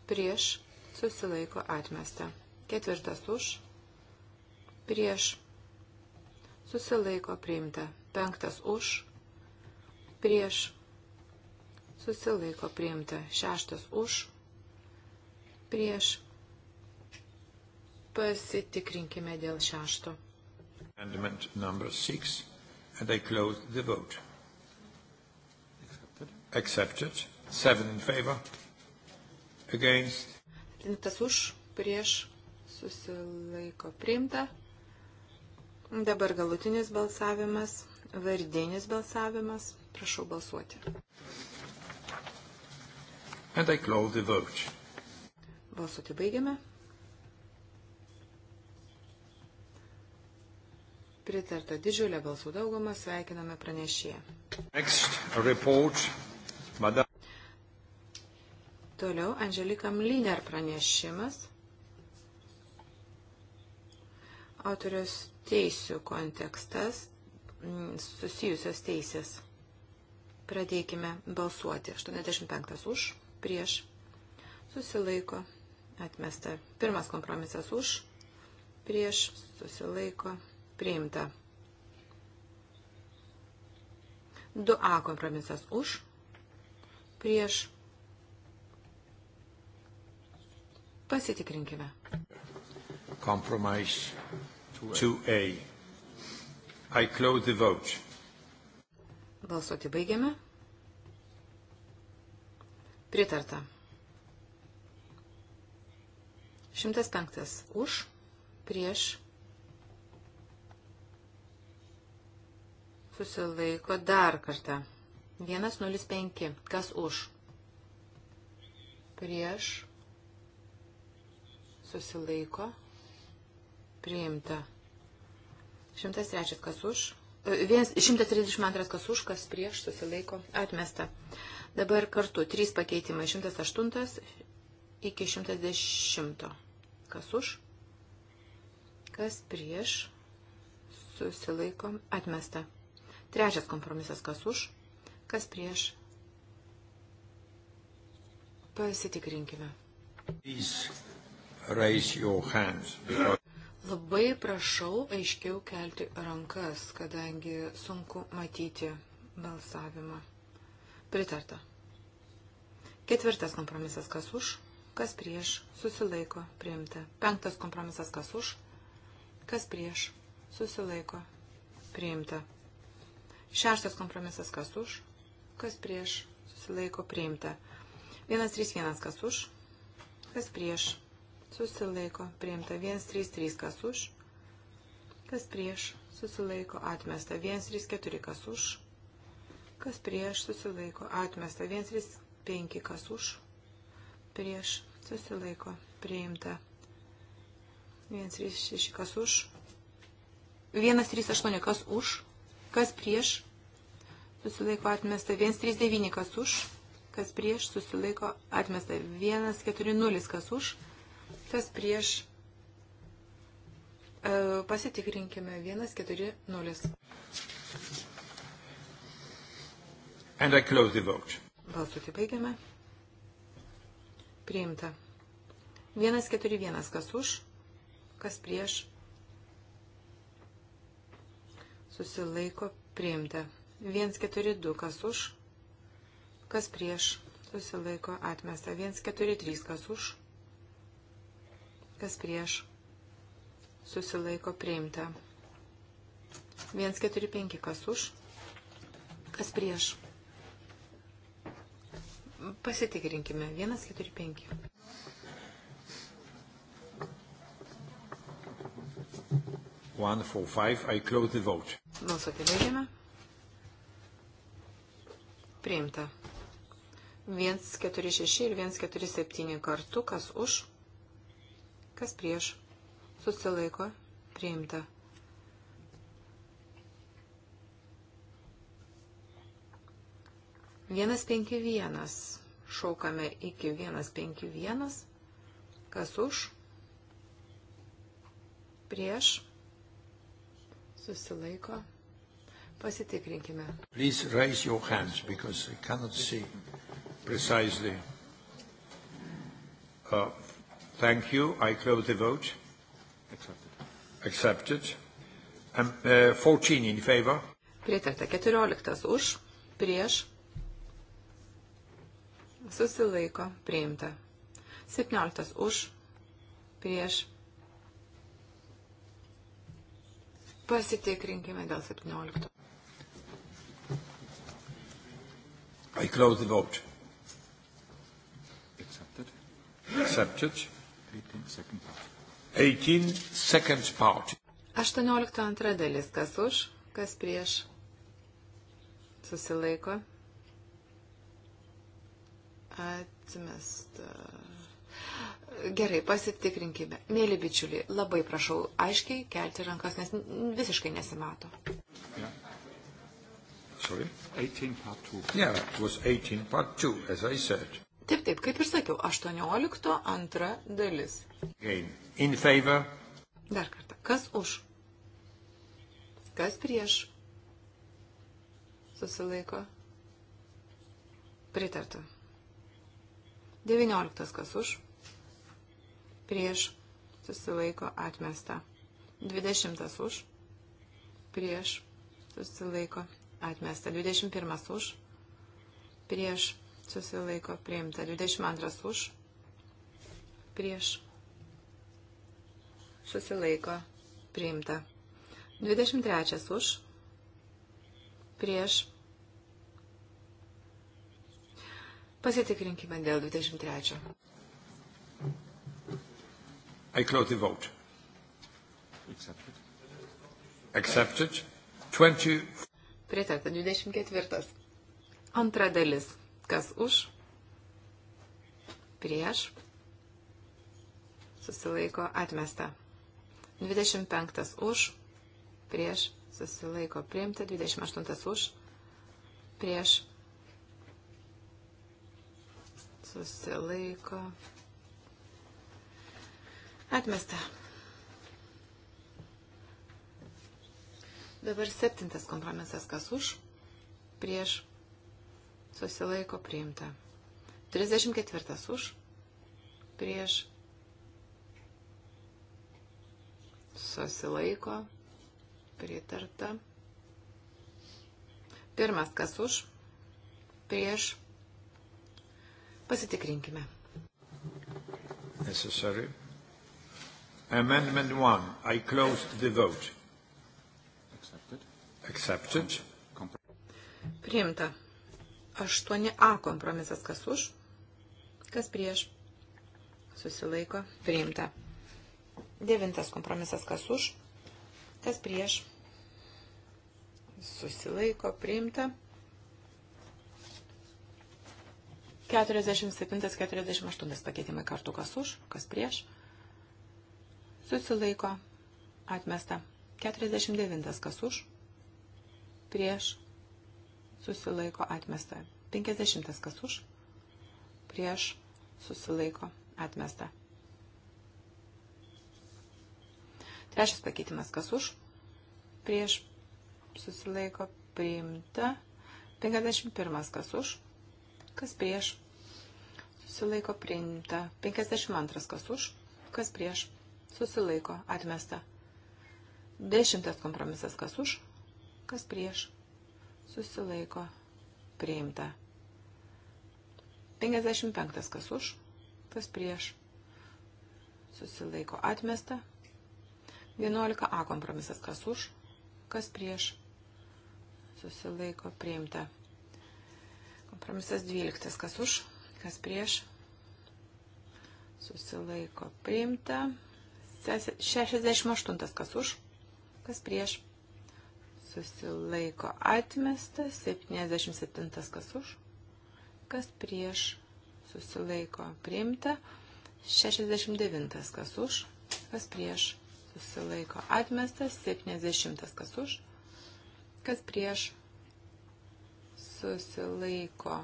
prieš, susilaiko, atmesta. Ketvirtas už, prieš, susilaiko, priimta. Penktas už, prieš, susilaiko, priimta. Šeštas už, prieš prieš. Pasitikrinkime dėl šešto. Amendment number six, and I close the vote. Accepted. Accepted. Seven in favor. Against. Septintas už, prieš, susilaiko priimta. Dabar galutinis balsavimas, vardinis balsavimas. Prašau balsuoti. And I close the vote. Balsuoti baigiame. Pritarta didžiulė balsų dauguma, sveikiname pranešėją. Toliau Anželika Mliner pranešimas. Autorius teisių kontekstas, mm, susijusios teisės. Pradėkime balsuoti. 85 už, prieš, susilaiko, atmesta. Pirmas kompromisas už, prieš, susilaiko, priimta. 2A kompromisas už, prieš. Pasitikrinkime. Compromise 2A. I close the vote. Balsuoti baigiame. Pritarta. 105. Už, prieš, susilaiko dar kartą. 105. Kas už? Prieš, susilaiko, priimta. 103. Kas už? 132 e, kas už, kas prieš, susilaiko, atmesta. Dabar kartu 3 pakeitimai 108 iki 110. Kas už? Kas prieš? Susilaikom. Atmesta. Trečias kompromisas. Kas už? Kas prieš? Pasitikrinkime. Please raise your hands. Labai prašau aiškiau kelti rankas, kadangi sunku matyti balsavimą. Pritarta. Ketvirtas kompromisas, kas už, kas prieš, susilaiko, priimta. Penktas kompromisas, kas už, kas prieš, susilaiko, priimta. Šeštas kompromisas, kas už, kas prieš, susilaiko, priimta. Vienas, trys, vienas, kas už, kas prieš, susilaiko, priimta. Vienas, trys, trys, kas už, kas prieš, susilaiko, atmesta. Vienas, trys, keturi, kas už, kas prieš, susilaiko, atmesta. Vienas, trys, penki, kas už, prieš, susilaiko priimta. 136 kas už. 138 kas už, kas prieš susilaiko atmesta. 139 kas už, kas prieš susilaiko atmesta. 140 kas už, kas prieš. E, pasitikrinkime 140. And I close the vote. Balsuoti baigiame. Priimta. 141. Kas už, kas prieš. Susilaiko. Priimta. 142. Kas už, kas prieš. Susilaiko. Atmesta. 143. Kas už, kas prieš. Susilaiko. Priimta. 145. Kas už, kas prieš Pasitikrinkime. 145. One, four, five. I close the vote. Balsuoti baigiame. Priimta. 146 ir 147 kartu. Kas už? Kas prieš? Susilaiko. Priimta. 151. Šaukame iki 151. Kas už? Prieš? Susilaiko? Pasitikrinkime. Please raise your hands because I cannot see precisely. Uh, thank you. I close the vote. Accepted. Accepted. Um, uh, 14 in favor. Pritarta 14 už, prieš susilaiko priimta. 17 už, prieš. Pasitikrinkime dėl 17. I close the vote. Accepted. Accepted. 18 second part. 18 seconds part. 18 antra dalis. Kas už, kas prieš. Susilaiko. Atmesta. Gerai, pasitikrinkime. Mėly bičiuliai, labai prašau aiškiai kelti rankas, nes visiškai nesimato. Yeah. Sorry? 18 part 2. Yeah, it was 18 part 2, as I said. Taip, taip, kaip ir sakiau, 18 antra dalis. Again. In favor. Dar kartą. Kas už? Kas prieš? Susilaiko. Pritartu. 19 kas už, prieš, susilaiko atmesta. 20 už, prieš, susilaiko atmesta. 21 už, prieš, susilaiko priimta. 22 už, prieš, susilaiko priimta. 23 už, prieš, Pasitikrinkime dėl 23. I close the vote. Accepted. Accepted. 20. Pritarta 24. Antra dalis. Kas už? Prieš. Susilaiko atmesta. 25 už. Prieš. Susilaiko priimta. 28 už. Prieš susilaiko. Atmesta. Dabar septintas kompromisas, kas už, prieš, susilaiko priimta. 34 už, prieš, susilaiko, pritarta. Pirmas, kas už, prieš, susilaiko Pasitikrinkime. Necessary. Amendment 1. I closed the vote. Accepted. Accepted. Priimta. 8A kompromisas kas už, kas prieš. Susilaiko. Priimta. Devintas kompromisas kas už, kas prieš. Susilaiko. Priimta. 47-48 pakeitimai kartu kas už, kas prieš. Susilaiko. Atmesta. 49 kas už. Prieš. Susilaiko. Atmesta. 50 kas už. Prieš. Susilaiko. Atmesta. Trečias pakeitimas kas už. Prieš. Susilaiko. Priimta. 51 kas už kas prieš, susilaiko priimta. 52 kas už, kas prieš, susilaiko atmesta. 10 kompromisas kas už, kas prieš, susilaiko priimta. 55 kas už, kas prieš, susilaiko atmesta. 11a kompromisas kas už, kas prieš, susilaiko priimta. Kompromisas 12. Kas už, kas prieš. Susilaiko priimta. 68. Kas už, kas prieš. Susilaiko atmesta. 77. Kas už, kas prieš. Susilaiko priimta. 69. Kas už, kas prieš. Susilaiko atmestas. 70. Kas už, kas prieš susilaiko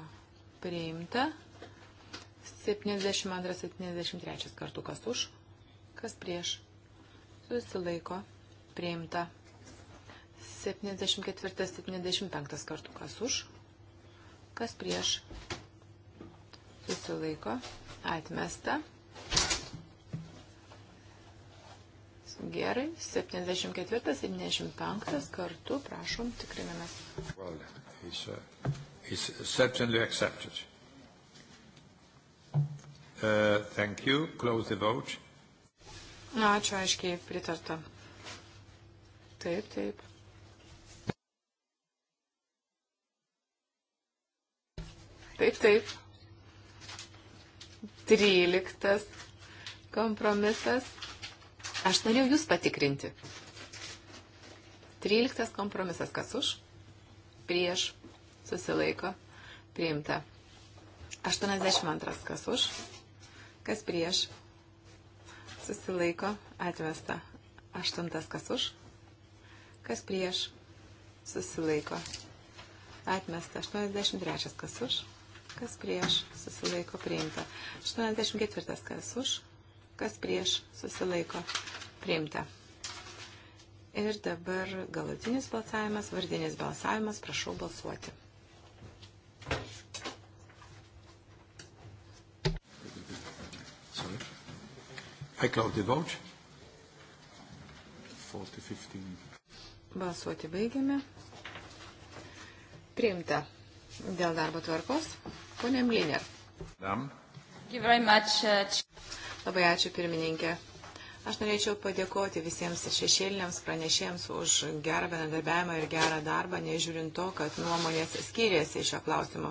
priimta. 72-73 kartų kas už, kas prieš susilaiko priimta. 74-75 kartų kas už, kas prieš susilaiko atmesta. Gerai, 74-75 kartu, prašom, tikrinamės. Valdė is, uh, is certainly accepted. Uh, thank you. Close the vote. Na, ačiū, aiškiai pritarta. Taip, taip. Taip, taip. Tryliktas kompromisas. Aš norėjau jūs patikrinti. Tryliktas kompromisas. Kas už? prieš, susilaiko, priimta. 82 kas už, kas prieš, susilaiko, atvesta. 8 kas už, kas prieš, susilaiko, atmesta. 83 kas už, kas prieš, susilaiko, priimta. 84 kas už, kas prieš, susilaiko, priimta. Ir dabar galutinis balsavimas, vardinis balsavimas, prašau balsuoti. Sorry. I close the vote. 40, 15. Balsuoti baigiame. Priimta dėl darbo tvarkos. Pone Mliner. Uh, Labai ačiū pirmininkė. Aš norėčiau padėkoti visiems šešėliniams pranešėjams už gerą bendradarbiavimą ir gerą darbą, nežiūrint to, kad nuomonės skiriasi šio klausimo.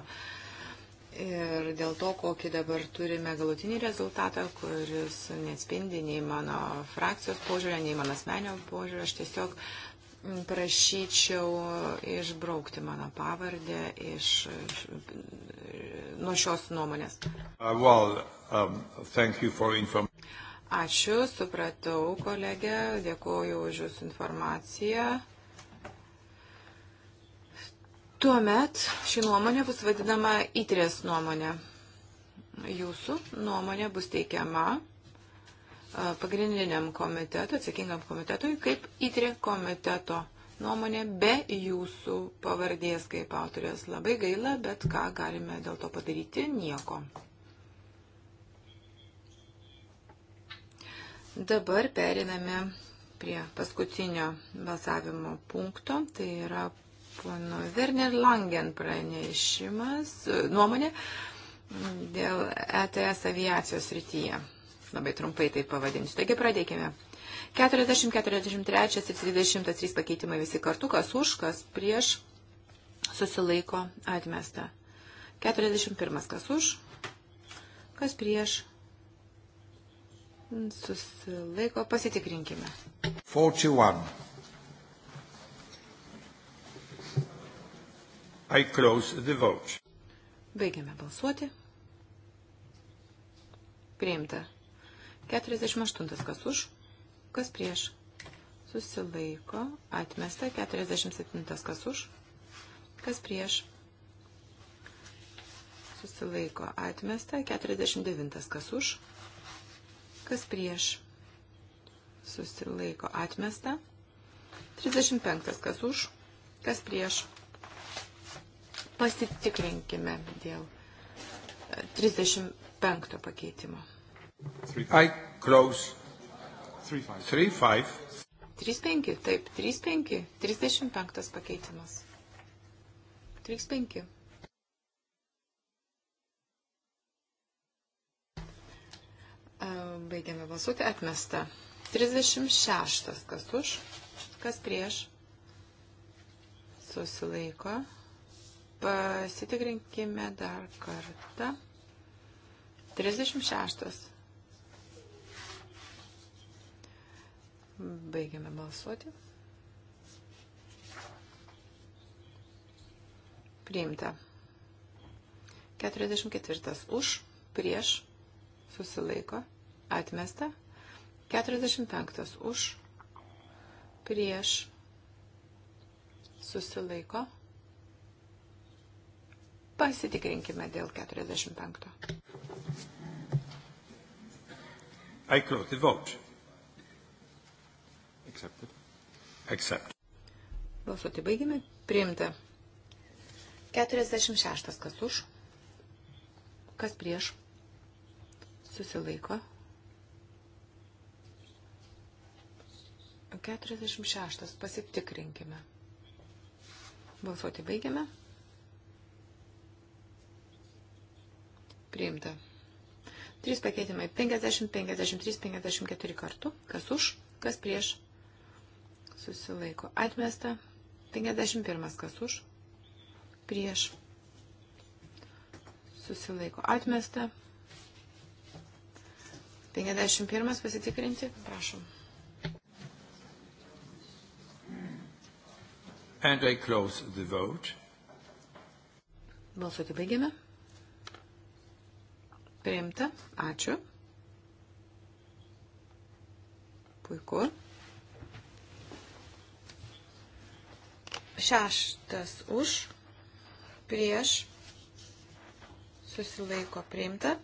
Ir dėl to, kokį dabar turime galutinį rezultatą, kuris neatspindi nei mano frakcijos požiūrę, nei mano asmenio požiūrę, aš tiesiog prašyčiau išbraukti mano pavardę iš, iš, nuo šios nuomonės. Uh, well, um, Ačiū, supratau, kolegė, dėkuoju už Jūsų informaciją. Tuomet ši nuomonė bus vadinama įtrės nuomonė. Jūsų nuomonė bus teikiama pagrindiniam komitetui, atsakingam komitetui, kaip įtrė komiteto nuomonė be jūsų pavardės kaip autorės. Labai gaila, bet ką galime dėl to padaryti? Nieko. Dabar periname prie paskutinio balsavimo punkto. Tai yra pono Werner Langen pranešimas, nuomonė dėl ETS aviacijos rytyje. Labai trumpai tai pavadinsiu. Taigi pradėkime. 40, 43 ir 23 pakeitimai visi kartu, kas už, kas prieš, susilaiko atmesta. 41 kas už, kas prieš, Susilaiko, pasitikrinkime. 41. I close the vote. Baigiame balsuoti. Priimta. 48 kas už, kas prieš. Susilaiko, atmesta. 47 kas už, kas prieš. Susilaiko, atmesta. 49 kas už, Kas prieš? Susilaiko atmesta. 35. Kas už? Kas prieš? Pasitikrinkime dėl 35 e, pakeitimo. 35. 35, taip, 35, 35 pakeitimas. 35. Baigiame balsuoti. Atmesta. 36. Kas už? Kas prieš? Susilaiko. Pasitikrinkime dar kartą. 36. Baigiame balsuoti. Priimta. 44. Už, prieš, susilaiko Atmesta. 45. Už. Prieš. Susilaiko. Pasitikrinkime dėl 45. I close the vote. Accepted. Accept. Balsuoti baigime. Priimta. 46. Kas už? Kas prieš? Susilaiko. 46. Pasitikrinkime. Balsuoti baigiame. Priimta. 3 pakeitimai. 50, 53, 54 kartų. Kas už, kas prieš. Susilaiko. Atmesta. 51. Kas už. Prieš. Susilaiko. Atmesta. 51. Pasitikrinti. Prašom. And I close the vote. Balsuoti baigėme. Priimta. Ačiū. Puiku. Šeštas už. Prieš. Susilaiko priimta.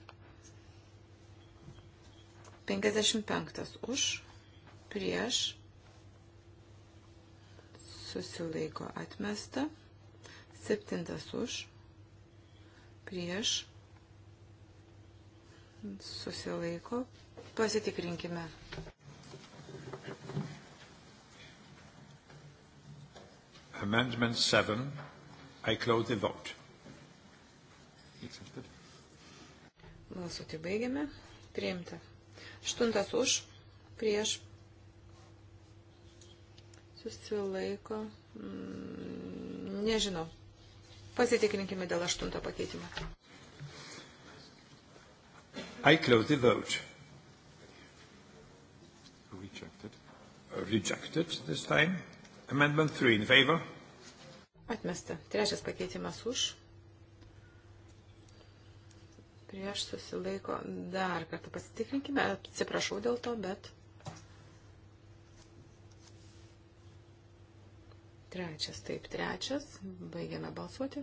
55 už. Prieš susilaiko atmesta, septintas už, prieš, susilaiko, pasitikrinkime. Amendment 7. I close the vote. Accepted. Balsuoti baigiame. Priimta. Aštuntas už, prieš, susilaiko, mm, nežinau. Pasitikrinkime dėl aštunto pakeitimo. I close the vote. Rejected. Rejected this time. Amendment 3 in favor. Atmesta. Trečias pakeitimas už. Prieš susilaiko dar kartą pasitikrinkime. Atsiprašau dėl to, bet Trečias, taip, trečias. Baigiame balsuoti.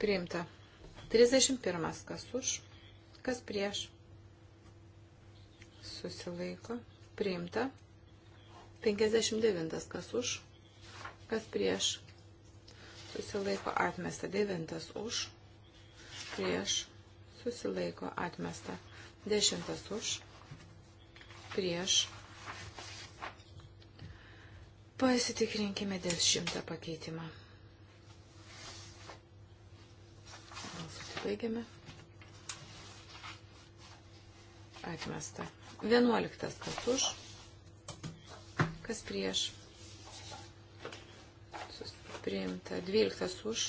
Priimta. 31. Kas už, kas prieš. Susilaiko. Priimta. 59. Kas už, kas prieš. Susilaiko atmesta. 9. Už, prieš. Susilaiko atmesta. 10. Už, prieš Pasitikrinkime dėl šimtą pakeitimą. Balsuoti baigiame. Atmesta. Vienuoliktas kas už, kas prieš. Priimta. Dvyliktas už,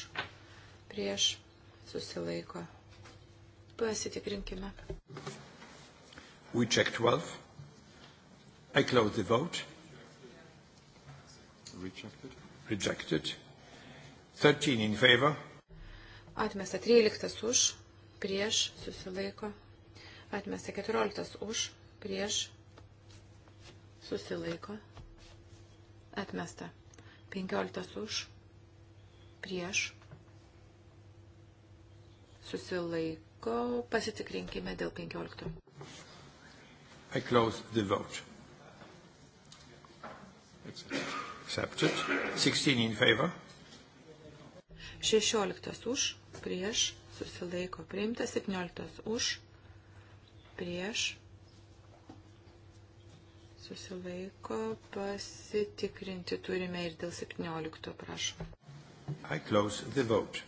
prieš, susilaiko. Pasitikrinkime. We check 12. I close the vote. Rejected. Rejected. 13 in favor. Atmesta 13 už, prieš, susilaiko. Atmesta 14 už, prieš, susilaiko. Atmesta 15 už, prieš, susilaiko. Pasitikrinkime dėl 15. I close the vote. Excellent. Accepted. 16 in favor. 16 už, prieš, susilaiko priimta, 17 už, prieš, susilaiko pasitikrinti turime ir dėl 17, prašom. I close the vote.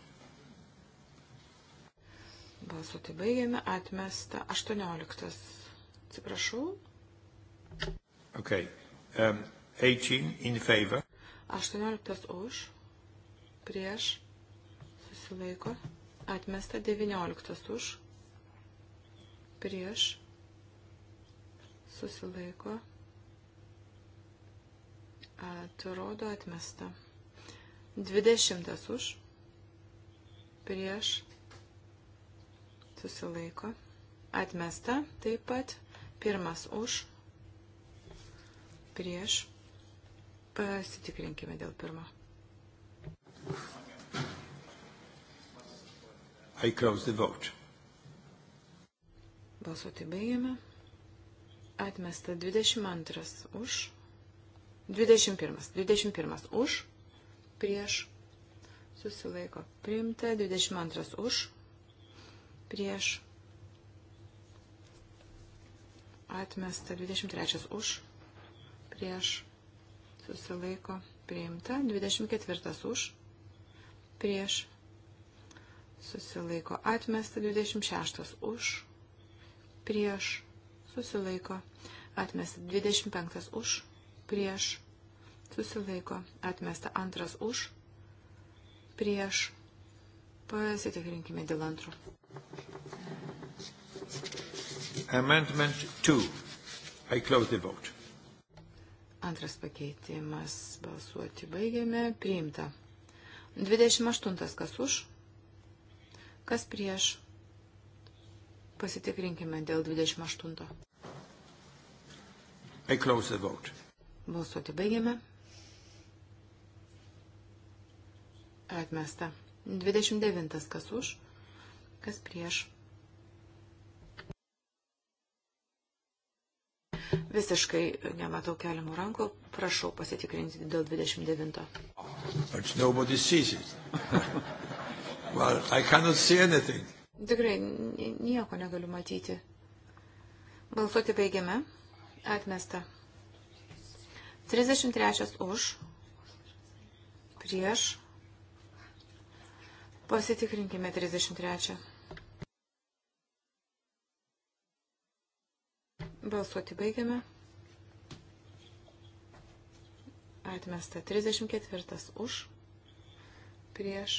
Balsuoti baigėme, atmesta 18. Atsiprašau. Okay. Um, 18 in favor. 18 už, prieš, susilaiko, atmesta 19 už, prieš, susilaiko, atrodo atmesta. 20 už, prieš, susilaiko, atmesta taip pat, pirmas už, prieš, Pasitikrinkime dėl pirmo. I close the vote. Balsuoti baigiame. Atmesta 22 už. 21. 21 už. Prieš. Susilaiko. Priimta. 22 už. Prieš. Atmesta. 23 už. Prieš susilaiko priimta, 24 už, prieš susilaiko atmesta, 26 už, prieš susilaiko atmesta, 25 už, prieš susilaiko atmesta, antras už, prieš pasitikrinkime dėl antro. Amendment 2. I close the vote. Antras pakeitimas. Balsuoti baigėme. Priimta. 28. Kas už? Kas prieš? Pasitikrinkime dėl 28. I close the vote. Balsuoti baigėme. Atmesta. 29. Kas už? Kas prieš? Visiškai nematau keliamų rankų. Prašau pasitikrinti dėl 29. well, Tikrai nieko negaliu matyti. Balsuoti baigiame. Atmesta. 33 už. Prieš. Pasitikrinkime 33. Balsuoti baigiame. Atmesta 34 už. Prieš.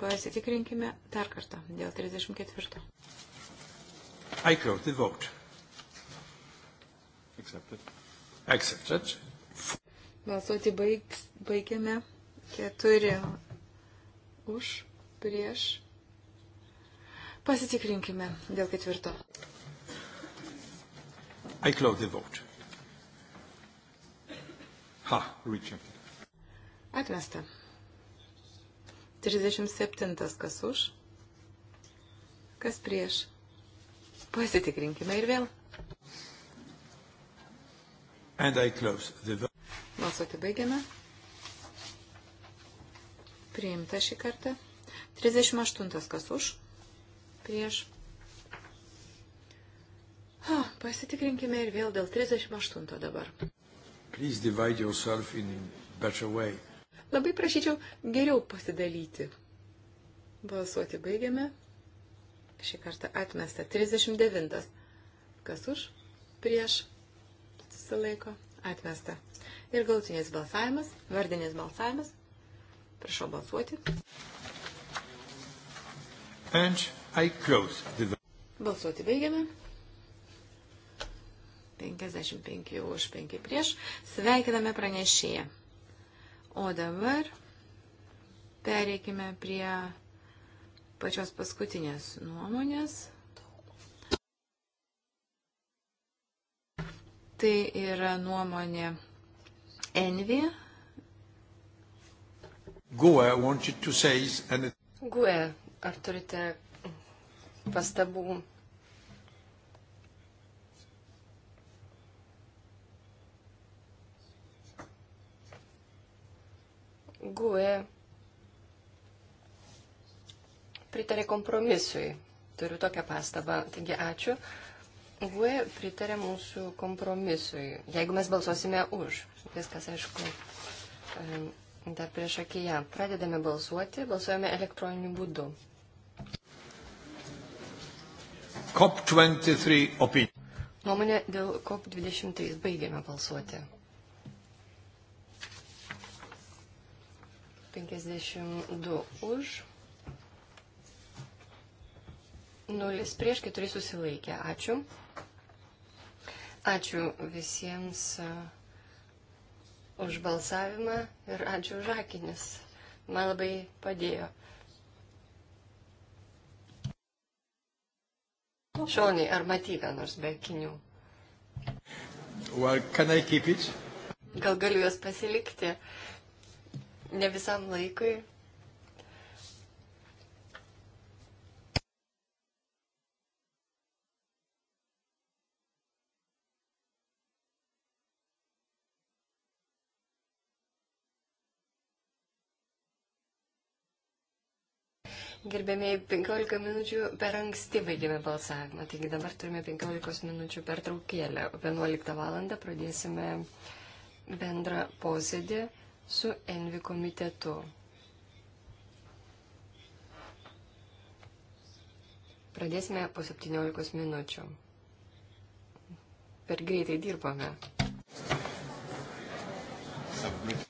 Pasitikrinkime dar kartą dėl 34. I close the vote. Accepted. Accepted. Balsuoti baig, baigiame. 4 už. Prieš. Pasitikrinkime dėl ketvirto. I close the vote. Ha, rejected. Atmesta. 37. Kas už? Kas prieš? Pasitikrinkime ir vėl. And I close the vote. Balsuoti baigiame. Priimta šį kartą. 38. Kas už? Prieš Ha, pasitikrinkime ir vėl dėl 38 dabar. Labai prašyčiau geriau pasidalyti. Balsuoti baigiame. Šį kartą atmesta 39. Kas už? Prieš. Susilaiko. Atmesta. Ir galutinis balsavimas, vardinis balsavimas. Prašau balsuoti. Balsuoti baigiame. 55 už 5 prieš. Sveikiname pranešėją. O dabar pereikime prie pačios paskutinės nuomonės. Tai yra nuomonė Envi. Gue, wanted to say. And... Gue, ar turite pastabų GUE pritarė kompromisui. Turiu tokią pastabą. Taigi ačiū. GUE pritarė mūsų kompromisui. Jeigu mes balsuosime už. Viskas aišku. Dar prieš akiją. Pradedame balsuoti. Balsuojame elektroniniu būdu. COP23 opinija. Nuomonė dėl COP23. Baigėme balsuoti. 52 už, 0 prieš, 4 susilaikė. Ačiū. Ačiū visiems uh, už balsavimą ir ačiū už akinius. Man labai padėjo. Šonai, ar matyta nors be akinių? Well, Gal galiu juos pasilikti? ne visam laikui. Gerbėmiai, 15 minučių per anksti baigėme balsavimą, taigi dabar turime 15 minučių per traukėlę. 11 val. pradėsime bendrą posėdį su Envi komitetu. Pradėsime po 17 minučių. Per greitai dirbame. Submit.